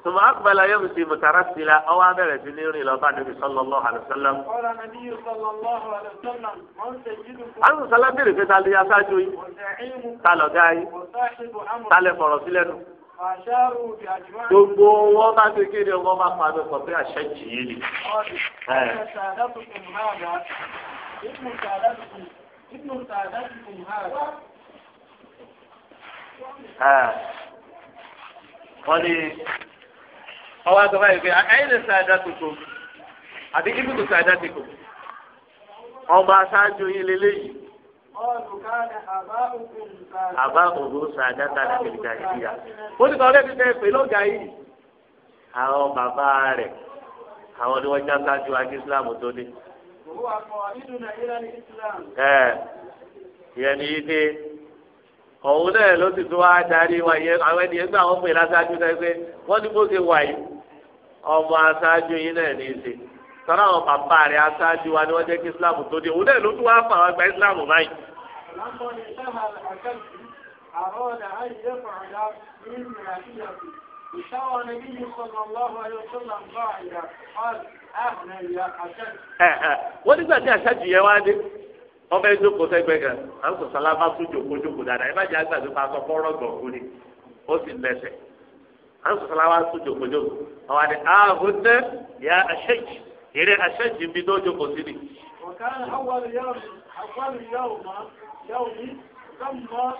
ثم أقبل يمشي مترسلا أو أمر جنيري لو بعد النبي صلى الله عليه وسلم قال النبي صلى الله عليه وسلم من سيدكم أنا صلى الله عليه وسلم قال يا ساجوي قال جاي قال فرسلنا gbogbo wọn bá ti kéde wọn bá sọ pé àṣẹ ọwọ́ àti ọba yìí pé ẹ̀yin lè sàdá tuntun àbí kí kùtù sàdá ti kù ọba aṣáájú yín lélẹ́yìí. àbá òru sàdá tàbí kìlìkà yìí yá. ó ní kọ́ ọ́lẹ́bí fẹ́ pè lọ́gà yìí. àwọn bàbá rẹ̀ àwọn ni wọ́n já sáájú àti Islam tó dé. ìyẹn ni yìí dé òun náà ló sì tún wá darí wa yẹn àwọn ènìyàn gbà wọn pè lásáájú náà pé wọn ní bó ṣe wà yìí. ọmọ aṣáájú yín náà ní í ṣe sọ́nà àwọn bàbá rẹ̀ aṣáájú wa ni wọ́n jẹ́ kí islam tó dé òun náà ló tún wá gba islam báyìí. أراد أن يفعل من ملائكته وشاور النبي صلى na wọ́n nígbà tí aṣáájú yẹn wá dé wọ́n kan dáadáa ẹ má jẹ́ àgbàdo pa aṣọ ni ó sì lẹ́sẹ̀. àǹsọ̀sọ̀ làwọn aṣojú òkòjòkò àwọn àti ààbò tẹ yà àṣẹjì eré àṣẹjì ń bi tó jókòó sí ni.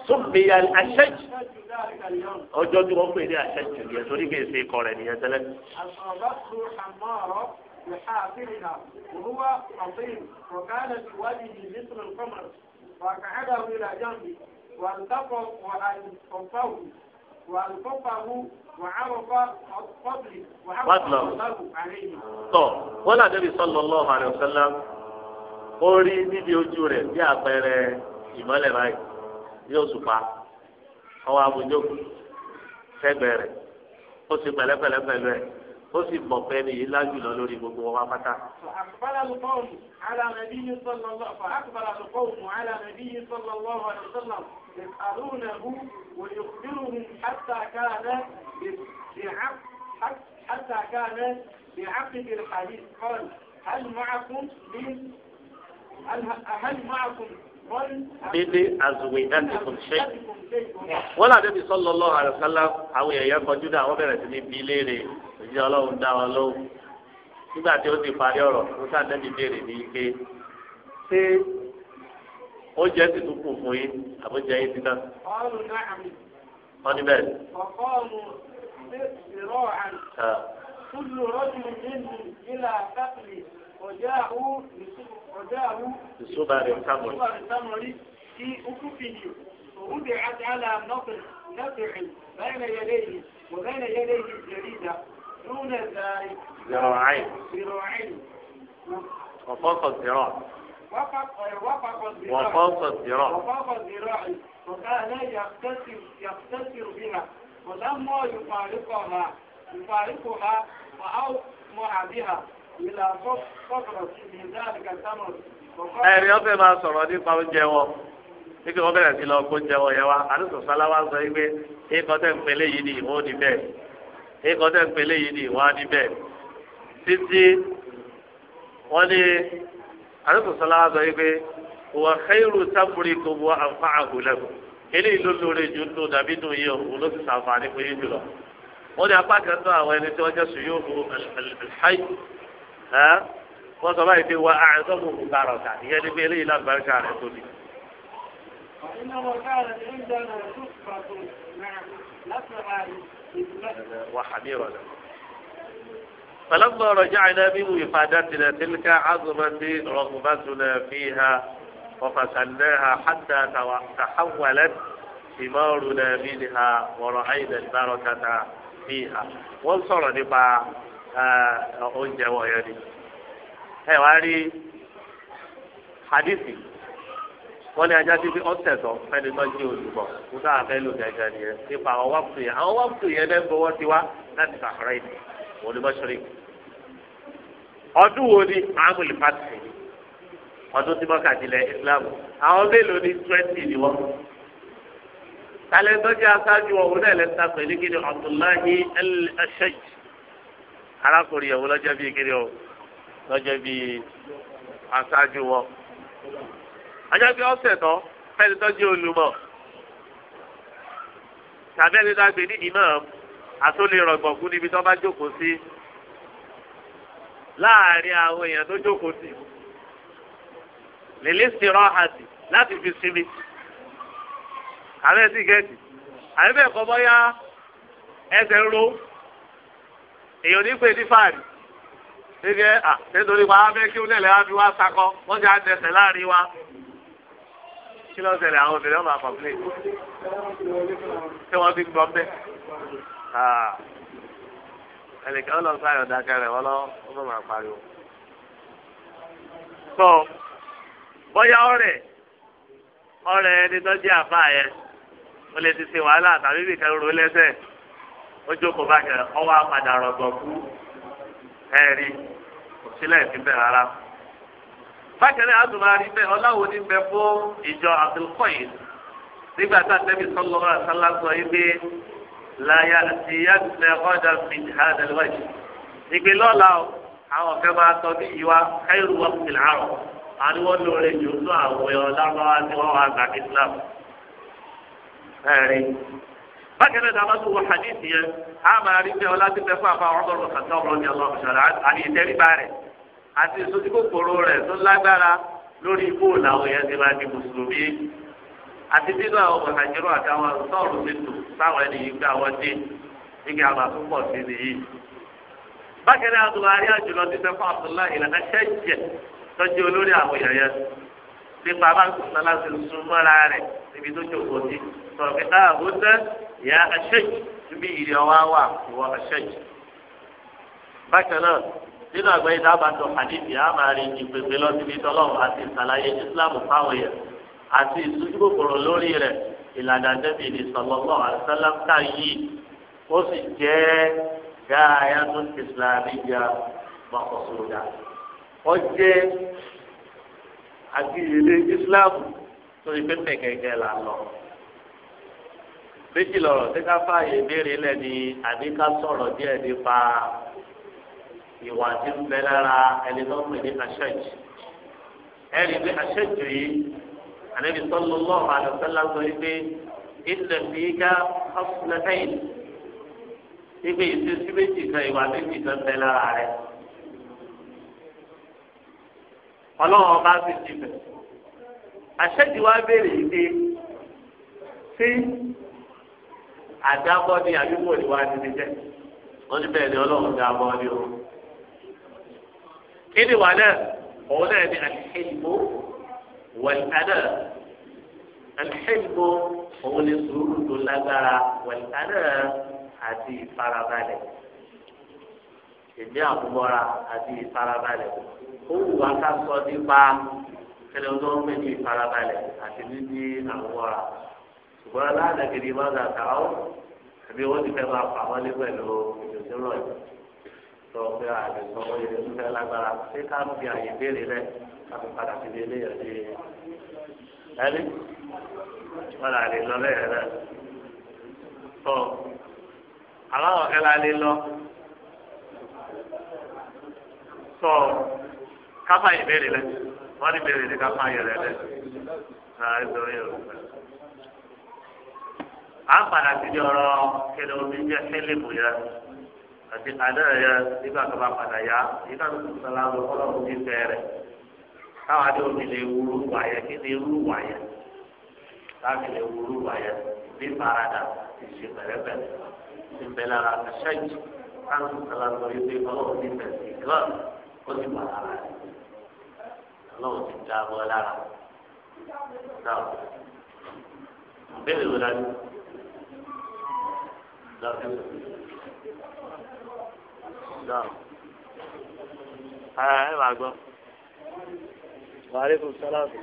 Súnbìyà àṣẹjì. Ọjọ́ tí wọ́n pè ní àṣẹjì yẹn torí kì í ṣe ikọ̀ rẹ̀ nìyẹn tẹ́lẹ̀. يحافظنا وهو عظيم وكان في وجهه مثل fadlọ tọ wọn là débi sallallahu alaihi wasallam ó rí níbi ojú rẹ̀ bí àpẹẹrẹ ìmọ́lẹ̀ báyìí yóò sùpá ọwọ́ abùjókù sẹ́gbẹ̀ẹ́ rẹ̀ ó sì pẹ̀lẹ́pẹ̀lẹ́ pẹ̀lú ẹ̀ ó sì mọ̀ pé ní yìí lájú lọ lórí gbogbo wọn pátá. àkùbálà lùkọ́ òmù alàmẹ́bí yìí sọ̀lọ̀ lọ́wọ́ àkùbálà lùkọ́ òmù alàmẹ́bí yìí sọ̀lọ̀ lọ́wọ́ àdùsọ̀lọ̀ ìtàlùnàbù wòlíkùbírùhùn àtàkàrà حتى كان بعقد الحديث قال هل معكم من هل معكم Bíbí azùwìdánìkùn ṣe. Wọ́n làdé bí sallallahu alaihi wasallam àwọn èèyàn kọjú dá àwọn bẹ̀rẹ̀ sí ní bí léèrè òjì ọlọ́run dá wọn lóhùn. Nígbà tí ó ti parí ọ̀rọ̀, Musa Dẹ́bi béèrè ní ike. Ṣé oúnjẹ ti tún fún yín? Àbójẹ yín ti tán. Wọ́n ní bẹ́ẹ̀. ذراعا آه. كل رجل منهم إلى ثقل وجاءوا وجاءوا بصبر تمر في أكفه ووضعت على نطع نطع بين يديه وبين يديه الجريدة دون ذلك ذراعين ذراعين وفاق الذراع وفاق الذراع وفاق الذراع وكان يقتصر يقتصر بها ọ̀lámọ́ ìfàríkọ̀ ha wà á mọ̀ àbí ha ìlà fọ́fọ́rọ̀ sí ìdáàbí kàtàmọ̀. ẹ̀rí ọ̀fẹ́ máa sọ̀rọ̀ nípa oúnjẹ wọn nígbà wọn bẹ̀rẹ̀ sí lọ kó oúnjẹ wọn yẹn wá àdúgbò sáláwá sọ wípé ẹ̀kọ́ tẹ̀ ń pèlè yìí ni ìwọ ni bẹ́ẹ̀ ẹ̀kọ́ tẹ̀ ń pèlè yìí ni ìwọ ni bẹ́ẹ̀ títí wọ́n ní àdúgbò sáláwá sọ wípé wọ́n khairu tábùrì kò wọ́n àǹfààní eléyìí ló lóore ju nínú dàbí nù yìí òun ló ti sàǹfààní fún yín jùlọ wọ́n ní apá kan tó àwọn ẹni tí wọ́n jẹ́ sùn yóò fún ẹlẹ́hàì wọ́n sọ báyìí pé wà á sọ́kù kù kárọ̀ ká ìyẹn ní pé eléyìí lágbàrúkà rẹ̀ tó ní. فلما رجعنا بوفادتنا تلك عظمت رغبتنا فيها وفسلناها حتى تحولت ثمارنا منها ورأينا البركة فيها وانصر نبا أنجا ويدي هي حديثي wọ́n ní ajá títí ọ̀sẹ̀tọ̀ fẹ́ni tó jẹ́ olùbọ̀ kó dáa fẹ́ lò gẹ́gẹ́ nìyẹn nípa àwọn wákùtù yẹn àwọn wákùtù yẹn lẹ́nu gbowó ti wá láti Bahrain olùbọ̀ṣọ́rì. ọdún wo ni amúlùfàtì ọdún tí mọ́kàdínlẹ̀ islam àwọn mélòó ní twenty ni wọ́n. talẹ́tọ́ jẹ́ aṣáájú ọ̀hún náà lẹ́sà pẹ̀lú kí ni abdullahi al-ashaj arákùnrin ọ̀hún lọ́jọ́ bíi kí ni o lọ́jọ́ bíi aṣáájú wọn. ọjọ́ bíi ọ̀sẹ̀ tán fẹ́ni tó jẹ́ olùmọ̀ tàbí ẹni tó gbé ní ìmọ̀ àtúnlé rọ̀gbọ̀kú níbi tó bá jókòó sí láàárín àwọn èèyàn tó jókòó sí. lèlé sèrọ láti fi sinmi àbẹ́sí gẹ̀ẹ́sì àbẹ́bẹ́ ẹ̀kọ́ bọ́yá ẹsẹ̀ ń ro èèyàn ní pé ní fàárì à nítorí wàá fẹ́ kí onílẹ̀ wá fi wá sakọ wọ́n ti á dẹsẹ̀ láàrin wa kí ló ń ṣẹlẹ̀ àwọn obìnrin ọmọ àkọ́kílẹ̀ tí wọ́n gbọ́ bẹ́ẹ̀ ẹnìkan lọ sáyọ̀ dákẹ́ rẹ̀ wọ́n bóyá ọ̀rẹ́ ọ̀rẹ́ ẹni tó jẹ́ àfa yẹn ó lè ti ṣe wàhálà tàbí bìkan ro lẹ́sẹ̀ ó jókòó bá kẹrẹ ọwọ́ apàdà rọ̀gbọ̀n kú ẹ̀rí òsílẹ̀ ìfipẹ́ rárá. bákan náà àtùmọ̀ àrí bẹ́ẹ̀ ọláwo ní bẹ fún ìjọ Abdulkoyin nígbà tá a tẹ́bi sọ́lọ́ àṣálá sọ yìí pé láyà àti ìyá ọ̀dà mi hàdàlúwàjì àwọn ọ̀fẹ́ máa sọ bí ìwà káyọ̀rù wọ́pù ariwo lóore jù tó àwọn ọlọ́mọwá tí wọ́n wá gba islam. ẹ̀rín bákan náà dábàá tó wọ hadith yẹn a máa rí pé ọlá ti fẹ́ fún àfa ọ̀rọ̀ lọ́kàn tó ọ̀rọ̀ ní ọlọ́run ṣọ̀rọ̀ àti ìtẹ́ríba rẹ̀ àti ìsotíkòkòrò rẹ̀ tó lágbára lórí ibú làwọn yẹn ti máa di mùsùlùmí àti nínú àwọn ọmọ àtàwọn sọ́ọ̀rù ti tù sáwọn ẹni yìí gbé àwọn dé tọ́jú olórí àwọn èèyàn yẹn nípa bá ń sọ sọ láti sun mọ́ra rẹ̀ níbi tó jòkó sí tọ̀kì ààbò ah, tẹ́ ìyá aṣẹ́jì níbi ìrìn ọwọ́ wà ìwọ aṣẹ́jì. bákan náà nínú àgbẹ̀ yìí dábàá tó hadithi a máa rí ìpèpè lọ síbi tọ́lọ́run àti ìsàlàyé ìsìláàmù fáwọn èèyàn àti ìtújú lórí rẹ̀ ìlànà débi ní sọlọ́lọ́ àṣálàmùkà yìí ó sì jẹ́ gáàyà tó ìsìláàmù yà mọ́kọ̀sọ̀dà ọjẹ́ àdìyẹlé Islam torí pé mẹ̀kẹ̀kẹ̀ là lọ. méjì lọ̀rọ̀ tí ká fààyè béèrè lẹ̀ ni àbí ká sọ̀rọ̀ díẹ̀ nípa ìwà tí ń bẹ lára ẹni tó ń pè ní aṣẹ́jì. ẹ̀rí pé aṣẹ́jì yìí ànábi sallallahu alaihi wasallam sọ wípé ìtẹ̀ fi ká ọ̀sùn lẹ́fẹ̀yìn. wípé ìṣesí méjì kan ìwà méjì kan bẹ lára rẹ̀ ọlọ́run ọba sì jìbẹ̀. àṣẹ́jì wa béèrè yìí pé sí àdábọ́ ni àdúgbò ni wàá ti jẹ́ wọ́n ti bẹ̀rẹ̀ ọlọ́run dábọ́ ni o. kí ni wà náà òun náà ni àṣẹ́yìnbó wẹ̀lẹ́dẹ̀ àṣẹ́yìnbó òun ni sùúrù tó lágbára wẹ̀lẹ́dẹ̀ àti ìfarabalẹ̀ èmi àbúbọra àti ìfarabalẹ̀ ó wù wá ká sọ nípa kẹlẹ tó ń pè ní ìfarabalẹ̀ àti níbi àbúbọra ṣùgbọ́n aláàdàgìrì má gà ká ó àbí wọ́n ti fẹ́ máa fà wọ́n ní pẹ̀lú ìdòtírọ̀ yìí tó o fẹ́ àlè sọ wọ́n yẹ kó fẹ́ lágbára ṣé ká fi àyè béèrè rẹ ká padà sí ilé yẹn ṣe ẹni wọ́n là lè lọ bẹ́ẹ̀ rẹ tó àwọn ọ̀kẹ́ la lọ. sọ káfá ìbéèrè lẹ wọn ní béèrè ní káfá yẹrẹ lẹ náà ẹ sọ̀rọ̀ yẹrẹ lẹ. à ń padà sí ní ọ̀rọ̀ kẹlẹ omi jẹ kẹlẹmù yẹ àti àdé yẹ nígbà tó bá padà yá nígbà tó tún sọlá lọ kọlọ káwọn adé omi lè wúru wáyẹ kí ni wúru wáyẹ láti lè wúru wáyẹ bí farada ó ti wà lára rẹ̀ ọlọ́run ti dá bọ́ lára náà bẹ́ẹ̀ ló dájú dájú dájú ẹ máa gbọ́ wàhálẹ́kùn sálàmù.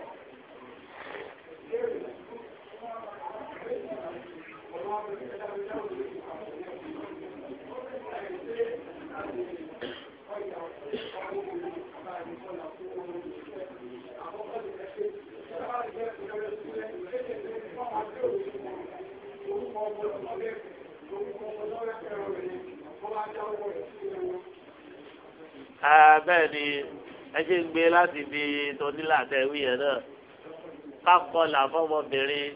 Thank you. Ah, bẹ́ẹ̀ ni ẹ ṣe ń gbé láti fi tónílà tẹ̀wé yẹn náà kákọlà fọmọbìnrin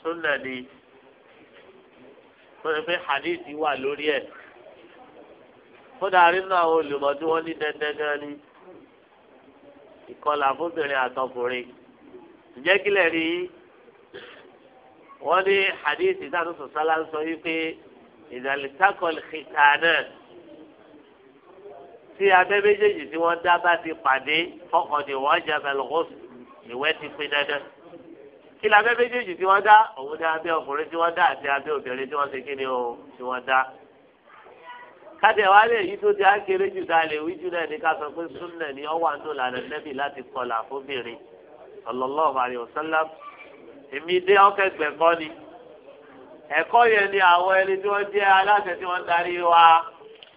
súnà ni wọ́n ti fi hadithi wà lórí ẹ̀ kódà nínú àwọn olùmọ̀ tí wọ́n ní dandan gan ni ìkọlà fóbìnrin àtọkùnrin ǹjẹ́ kílẹ̀ rí i wọ́n ní hadithi dáadọ́ sọ sálá ń sọ wípé ìdàlítàkọ̀lì kìtà náà tí abẹ́ méjèèjì tí wọ́n dá bá ti pàdé fọkàndé wọ́n jẹ́ abẹ́lẹ́kọ́sù ìwẹ́ ti pín dandan. kí ni abẹ́ méjèèjì tí wọ́n dá òun ní abẹ́ ọkùnrin tí wọ́n dá àti abẹ́ obìnrin tí wọ́n ṣe kí ni o tí wọ́n dá. káde wa lè yí tó ti á jù tá lè wí jù náà ní ká sọ pé súnà ni ọwọ́ àǹtó lànà èmi dé ọ̀kẹ́gbẹ̀ kọ́ ni ẹ̀kọ́ yẹn ni àwọn ẹni tí wọ́n jẹ́ aláṣẹ tí wọ́n darí wa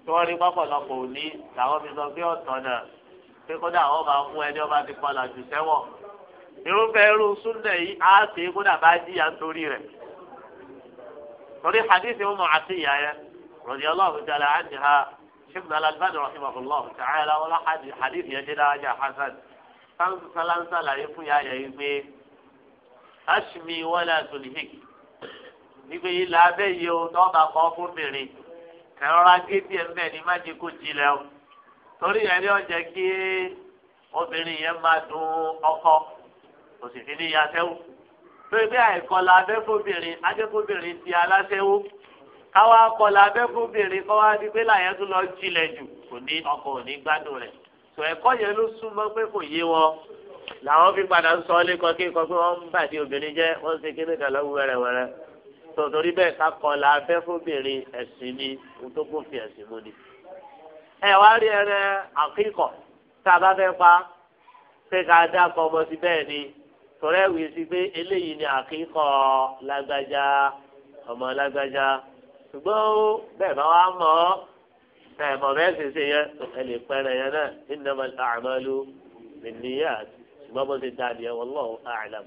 tí wọ́n rí pọ́pọ̀lọpọ̀ òní làwọn fi sọ pé ọ̀tọ̀ náà pé kódà àwọn máa mú ẹni ọba ti padà jù sẹ́wọ̀n irúfẹ́ irú súnlẹ̀ yìí á ṣe é kódà bá jìyà nítorí rẹ̀ torí hadith mu àtìyà yẹn radiyallahu ta'ala anha sheikh al-Albani rahimahullahu ta'ala wọn hadith yẹn dé dáadáa hasan sálánsá làyé fún yàyà yìí pé aṣmi wọlé àtúnihìkì nígbè yìí làbẹ́ yìí o tó bá kọ́ fún mìíràn ẹ̀rọra gédé ẹ̀mẹ́ ni má jẹ́ kó jilẹ̀ o torí yẹn ni ọjà kí obìnrin yẹn máa dun ọkọ kò sì fi ní yasẹ́wó torí pé àìkọ́ làbẹ́ fóbìnrin ajẹ́kóbìnrin ti aláṣẹ́wó káwá kọ́ làbẹ́ fóbìnrin kọ́wá di pé làyẹn tún lọ jilẹ̀ jù kò ní ọkọ ò ní gbádùn rẹ̀ sọ ẹ̀kọ́ yẹn ló súnmọ́ pé kò yé wọn làwọn fi padà ń sọ lẹ́kọ̀ọ́ kí nǹkan pé wọ́n ń bàdí obìnrin jẹ́ wọ́n ń ṣe kíní kan lọ́wọ́ wẹ́rẹ́wẹ́rẹ́ tòtòrí bẹ́ẹ̀ ká kọ́ la fẹ́ fóbìnrin ẹ̀sìn ni ohun tó kún fi ẹ̀sìn mú ni. ẹ wá rí ẹrẹ àkíkọ̀ tá a bá fẹ́ pa pé ká dákọ̀ ọmọ sí bẹ́ẹ̀ ni tọ́lá ẹ̀wì sí pé eléyìí ni àkíkọ̀ lágbájá ọmọ lágbájá ṣùgbọ́n bẹ́ẹ̀ bá wá mọ̀ ọ́ ẹ̀ mọ̀ bẹ́ẹ̀ ṣe ṣe yẹn ẹ lè pẹ́rẹ̀ ṣùgbọ́n bó ṣe dáa nìyẹn wallahu a'lam.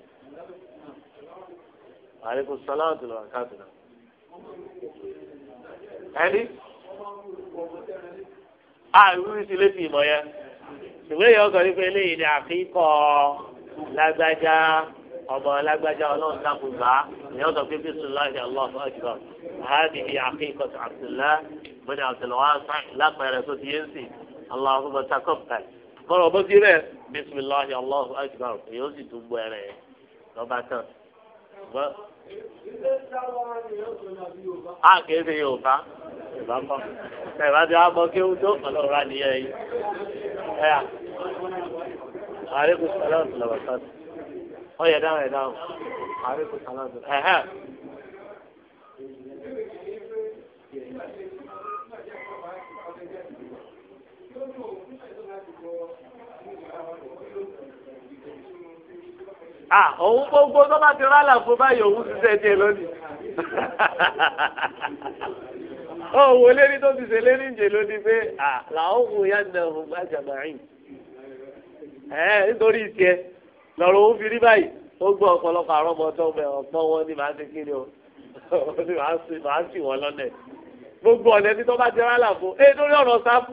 alaikum salaam tó lọ́wọ́ káàtó náà. ẹni àìwúrí sí létí ìmọ̀ yẹn ṣùgbọ́n èèyàn kan nípa eléyìí ni àfikọ́ lágbájá ọmọ lágbájá ọlọ́run dákun bá èèyàn sọ pé bisimilahi allahu akbar hadihi àfikọ́ abdullahi bin abdulwasa lápẹẹrẹ tó ti yé ń sìn allahumma taqabbal mọ̀rọ̀ bó ti rẹ̀ bisimilahi allahu akbar èyí ó sì tún bọ ẹrẹ lọ́ba tán. a kìí ṣe yorùbá yorùbá kọ́ ẹ̀ bá ti wá bọ́ kí ó tó ọlọ́run rà nìyẹn yìí. ẹ̀ à àríkùn sálọ̀ lọ́wọ́ sọ́ọ̀tì ọyẹ dáhùn ẹ dáhùn àríkùn sálọ̀ ẹ̀hẹ́. à òun gbogbo tó bá ti rálà fún báyìí òun ti ṣe tiẹ̀ lónìí ó wò lérí tó ti ṣe lérí ìjẹ lónìí pé à làwọn òun yá nà òun gbà jàmáìn ẹ nítorí tiẹ̀ lọ́rọ̀ òun fi rí báyìí ó gbọ́ ọ̀pọ̀lọpọ̀ àrọ́mọtọ́ ọ̀pọ̀ wọn ni màá ti kí o màá sì wọn lọ́nà gbogbo ọ̀nà ẹni tó bá ti rálà fún ẹ lórí ọ̀nà sáfù.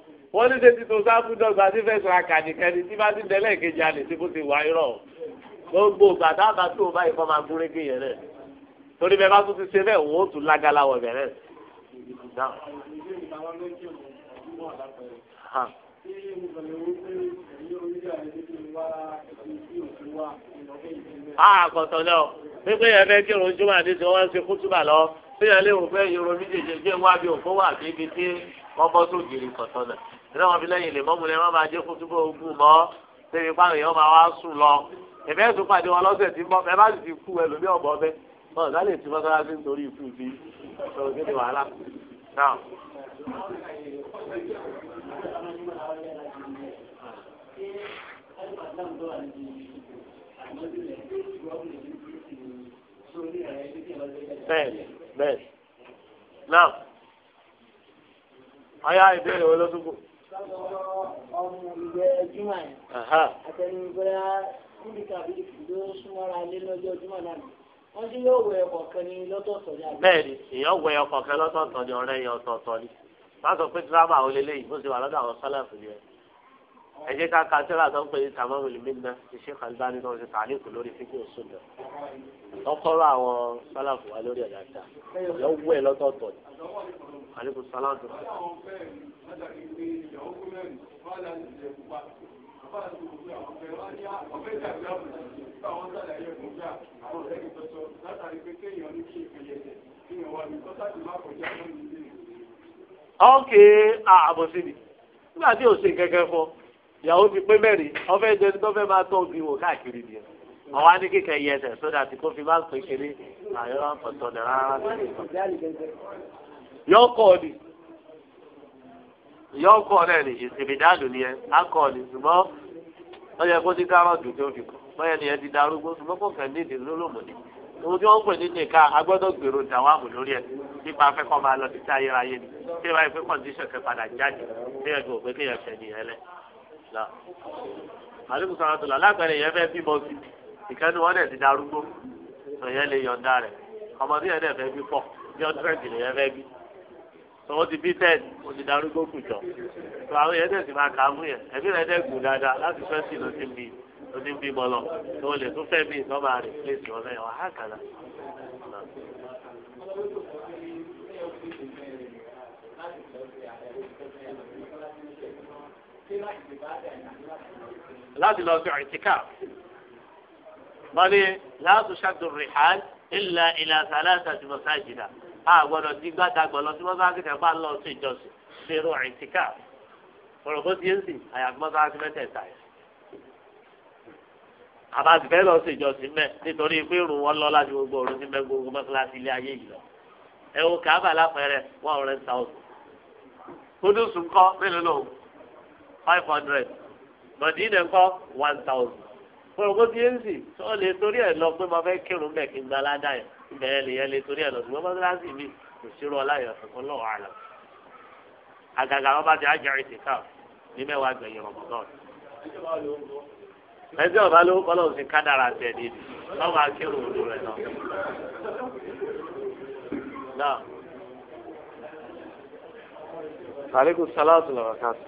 wọ́n ní tètè tó sáfù dọ́gba tí fẹ́ sọ̀rọ̀ àkàdìkẹ́ni tí bá ti dẹ́lẹ̀ kejì alẹ́ tí kò ti wá irọ́ gbogbo gbàtà bá tó o báyìí fọ́ máa gúnrégé yẹn rẹ̀ torí bẹ́ẹ̀ bá tún ti ṣe bẹ́ẹ̀ wọ́n ó tún lágala wọ̀ bẹ̀rẹ̀. àkọ̀tọ̀ náà pípé yẹn fẹ́ kí irun jùmọ̀ àti tí wọ́n ń ṣe kútùbà lọ pé yẹn léwu pé irun méjèèjì jẹ́ wábi òfó wà bíbi tí wọ́n bọ́ sóògì rí kọ̀tọ̀ náà ìdílé wọn fi lẹ́yìn lè mọ́mú lẹ́yìn wọn máa jẹ́ kó túbọ̀ ogun mọ́ sẹ́yìn fáwọn èèyàn máa wá sùn lọ ẹ̀fẹ́ ẹ̀sùn pàdé wọn lọ́sẹ̀ tí mọ́ ẹ bá sì ti kú ẹlòmí ọ̀bọ fẹ́ ọ̀ ọ̀gá lè ti mọ́sálásí nítorí ikú ti sọ̀rọ̀ kéde wàhálà. bẹ́ẹ̀ni bẹ́ẹ̀ni náà ọ̀yá ìbéèrè wo ló kù. ọmọ ìgbẹ́ ẹjúmọ̀ yẹn àtẹnugbẹ́yà kúndìkà bíi ló súnmọ́ra lé lọ́jọ́ ọdúnmọ̀ náà wọ́n ti èèyàn wẹ ọkọ̀ kan lọ́tọ̀ọ̀tọ̀ ní ọ̀rẹ́ yẹn ọ̀tọ̀ọ̀tọ̀ ni sọ pé bó ṣe wà àwọn yẹn ẹ jẹ́ ká ka síra tó ń pè ní tamamu limina iṣẹ́ kalibani náà ṣe tààlí kù lórí fífi òsùn náà lọ́kọ́rọ́ àwọn sálàfù wa lórí ẹ̀dá ta yóò wú ẹ lọ́tọ̀ọ̀tọ̀ ni àlékún sálàfù. ọ̀kẹ́ àbọ̀sí ni nígbà tí o ṣe kẹ̀kẹ́ fún ọ ìyàwó ti pé mẹ́rin ọfẹ́ jẹni tó fẹ́ máa tó omi wò káàkiri ni àwọn á ní kíkẹ́ yẹ ẹsẹ̀ sódà tí kò fi máa ń pè kéré àyọ̀ àpọ̀tọ̀ dẹ̀ rárá yọ kọ́ ọ ni yọ kọ́ ọ náà ni ìsìnbìdálù ni ẹ á ni ṣùgbọ́n wọ́n yẹ kó ní kárọ̀tù tó fi kọ́ wọ́n yẹ ni ẹ ti darúgbó ṣùgbọ́n kò kàn ní ìdílé lómùdí ohun tí wọ́n ń pè ní nìka agbọ́dọ̀ gbèrò dàwámù lórí ẹ̀ nípa afẹ́kọ̀ọ́ máa lọ sí táyé ayé ni tí ìwà ìpín kọ̀ǹdíṣọ̀ kẹ padà jáde ní ẹ̀gbọ́n òpin kéèyàn ṣẹ̀ nìyẹn lẹ́ẹ̀. islam àdínkù sọ̀rọ̀ àtọ̀là lágbàdo yẹn fẹ́ bímọ sí ìkànnì wọn dẹ̀ ti darúgbó sọ̀yẹ́ lè yọ̀ǹda rẹ̀ ọmọdé yẹn dẹ̀ fẹ́ bí pọ̀ bí ọdún rẹ̀ jìnnà yẹn fẹ́ bí sọ̀wọ́n ti bí tẹ́ẹ̀dì ó ti darúgbó kù jọ tó àwọn yẹn máa kà á mú yẹn ẹ̀mí rẹ̀ dẹ̀ gùn dáadáa láti fẹ́ sí lọ tó o lè tún fẹ́ láti lọ sí ọ̀rìtìkà mọ́lẹ́ láti ṣàtò rìhán ìlà ìlà sàlẹ́sà ti mọ̀sáàjìdá a gbọ́dọ̀ ti gbàdàgbọ́ lọ sí mọ́sáàjì kẹfà lọ sí ìjọsìn sí irú ọ̀rìtìkà ọ̀rọ̀ bó ti ń sìn àyàfi mọ́sáàjì mẹ́tẹ̀ẹ̀ta yẹn àbáàbí fẹ́ lọ sí ìjọsìn mẹ́ nítorí pé irun wọn lọ láti gbogbo ọ̀run sí mẹ́gbogbo gbogbo mọ́sálásí ilé ayé yìí lọ. ẹ wo kàábà lápẹẹrẹ five hundred Mọ̀dínà ńkọ́ one thousand fọlọ́kọ́ ti ń sì sọ lè torí ẹ̀ lọ pé mo fẹ́ kírun bẹ̀ kí n gba aládà yẹn ibẹ̀ yẹn lè yẹn lè torí ẹ̀ lọ ṣùgbọ́n mọ́sálásì mi kò ṣírò ọláyọ̀ kankan lọ́wọ́ àlọ́ àgàgà wọn bá ti ájẹrì ti ká ní mẹ́wàá gbẹ̀yìn rọ̀mọ̀tọ́n ẹjọ́ ọba ló kọ́ lọ́wọ́ sí kádàrà tẹ̀ ní lọ́wọ́ akérò òdo rẹ̀ náà. Aleykum salaam wa rahmatulah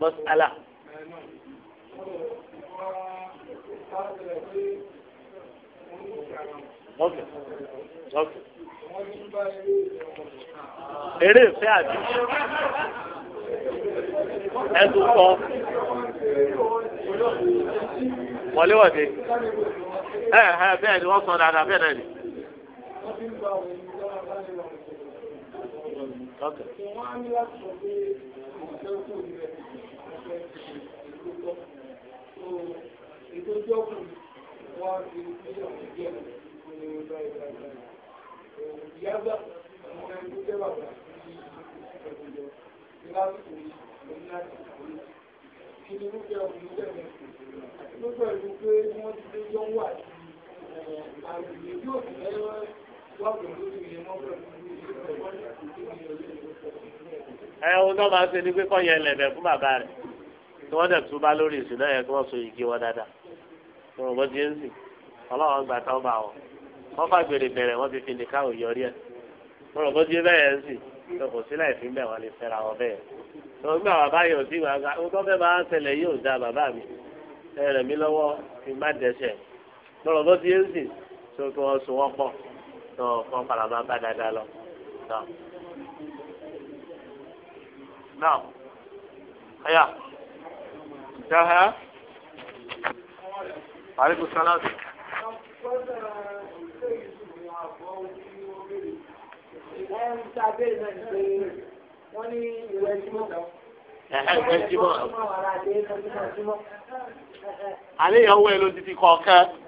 mọ́sálà. Okay. Okay. Eré ìfẹ́ àti ẹ̀sùn kan wọléwọ̀de. Ẹ ẹ bẹ́ẹ̀ ni wọ́n sọ dáadáa bẹ́ẹ̀ náà ni. Ìyáàgbà àwọn ẹni tó jẹ́ bàbá sí ìjọba ìjọba lásìkò yìí lórí lásìkò yìí. Kí ni irúfẹ́ ọkùnrin jẹ́ mi? Ló pẹ̀lú pé wọ́n ti dé yọ́wọ́ àti àrùn yìí yóò fi lẹ́yìn ẹ ohun tó máa ṣe ni pé kọ́ yẹn lẹ̀bẹ̀ fún bàbá rẹ̀ tí wọ́n dẹ̀ túbá lórí ìsìn náà yẹ kí wọ́n so igi wọn dáadáa tí wọ́n bọ́ ń sìn ọlọ́run gbà tán bá wọn wọ́n bá gbèrè bẹ̀rẹ̀ wọ́n ti fi nìkan ò ẹ̀ tí wọ́n bọ́ bẹ́ẹ̀ yẹn sìn tó kò sí láì fi ń wọ́n lè fẹ́ra wọn bẹ́ẹ̀ tó gbà bàbá yóò sí gbàgbà ohun tó fẹ́ máa ṣẹlẹ̀ yóò da bàbá mi ẹ̀rẹ̀ mi lọ́wọ́ fi má dẹ́sẹ̀ lọ́rọ̀ bọ́ di ń sìn tó kí wọ́n wọ́n pọ̀ tó fọ́n padà bá dáadáa lọ. náà ọ̀yà jẹ́hẹ́ àríkù sálásì. wọ́n ń ta bẹ́ẹ̀ náà pé wọ́n ní ìwé ẹjímọ́ kan ẹ̀hẹ́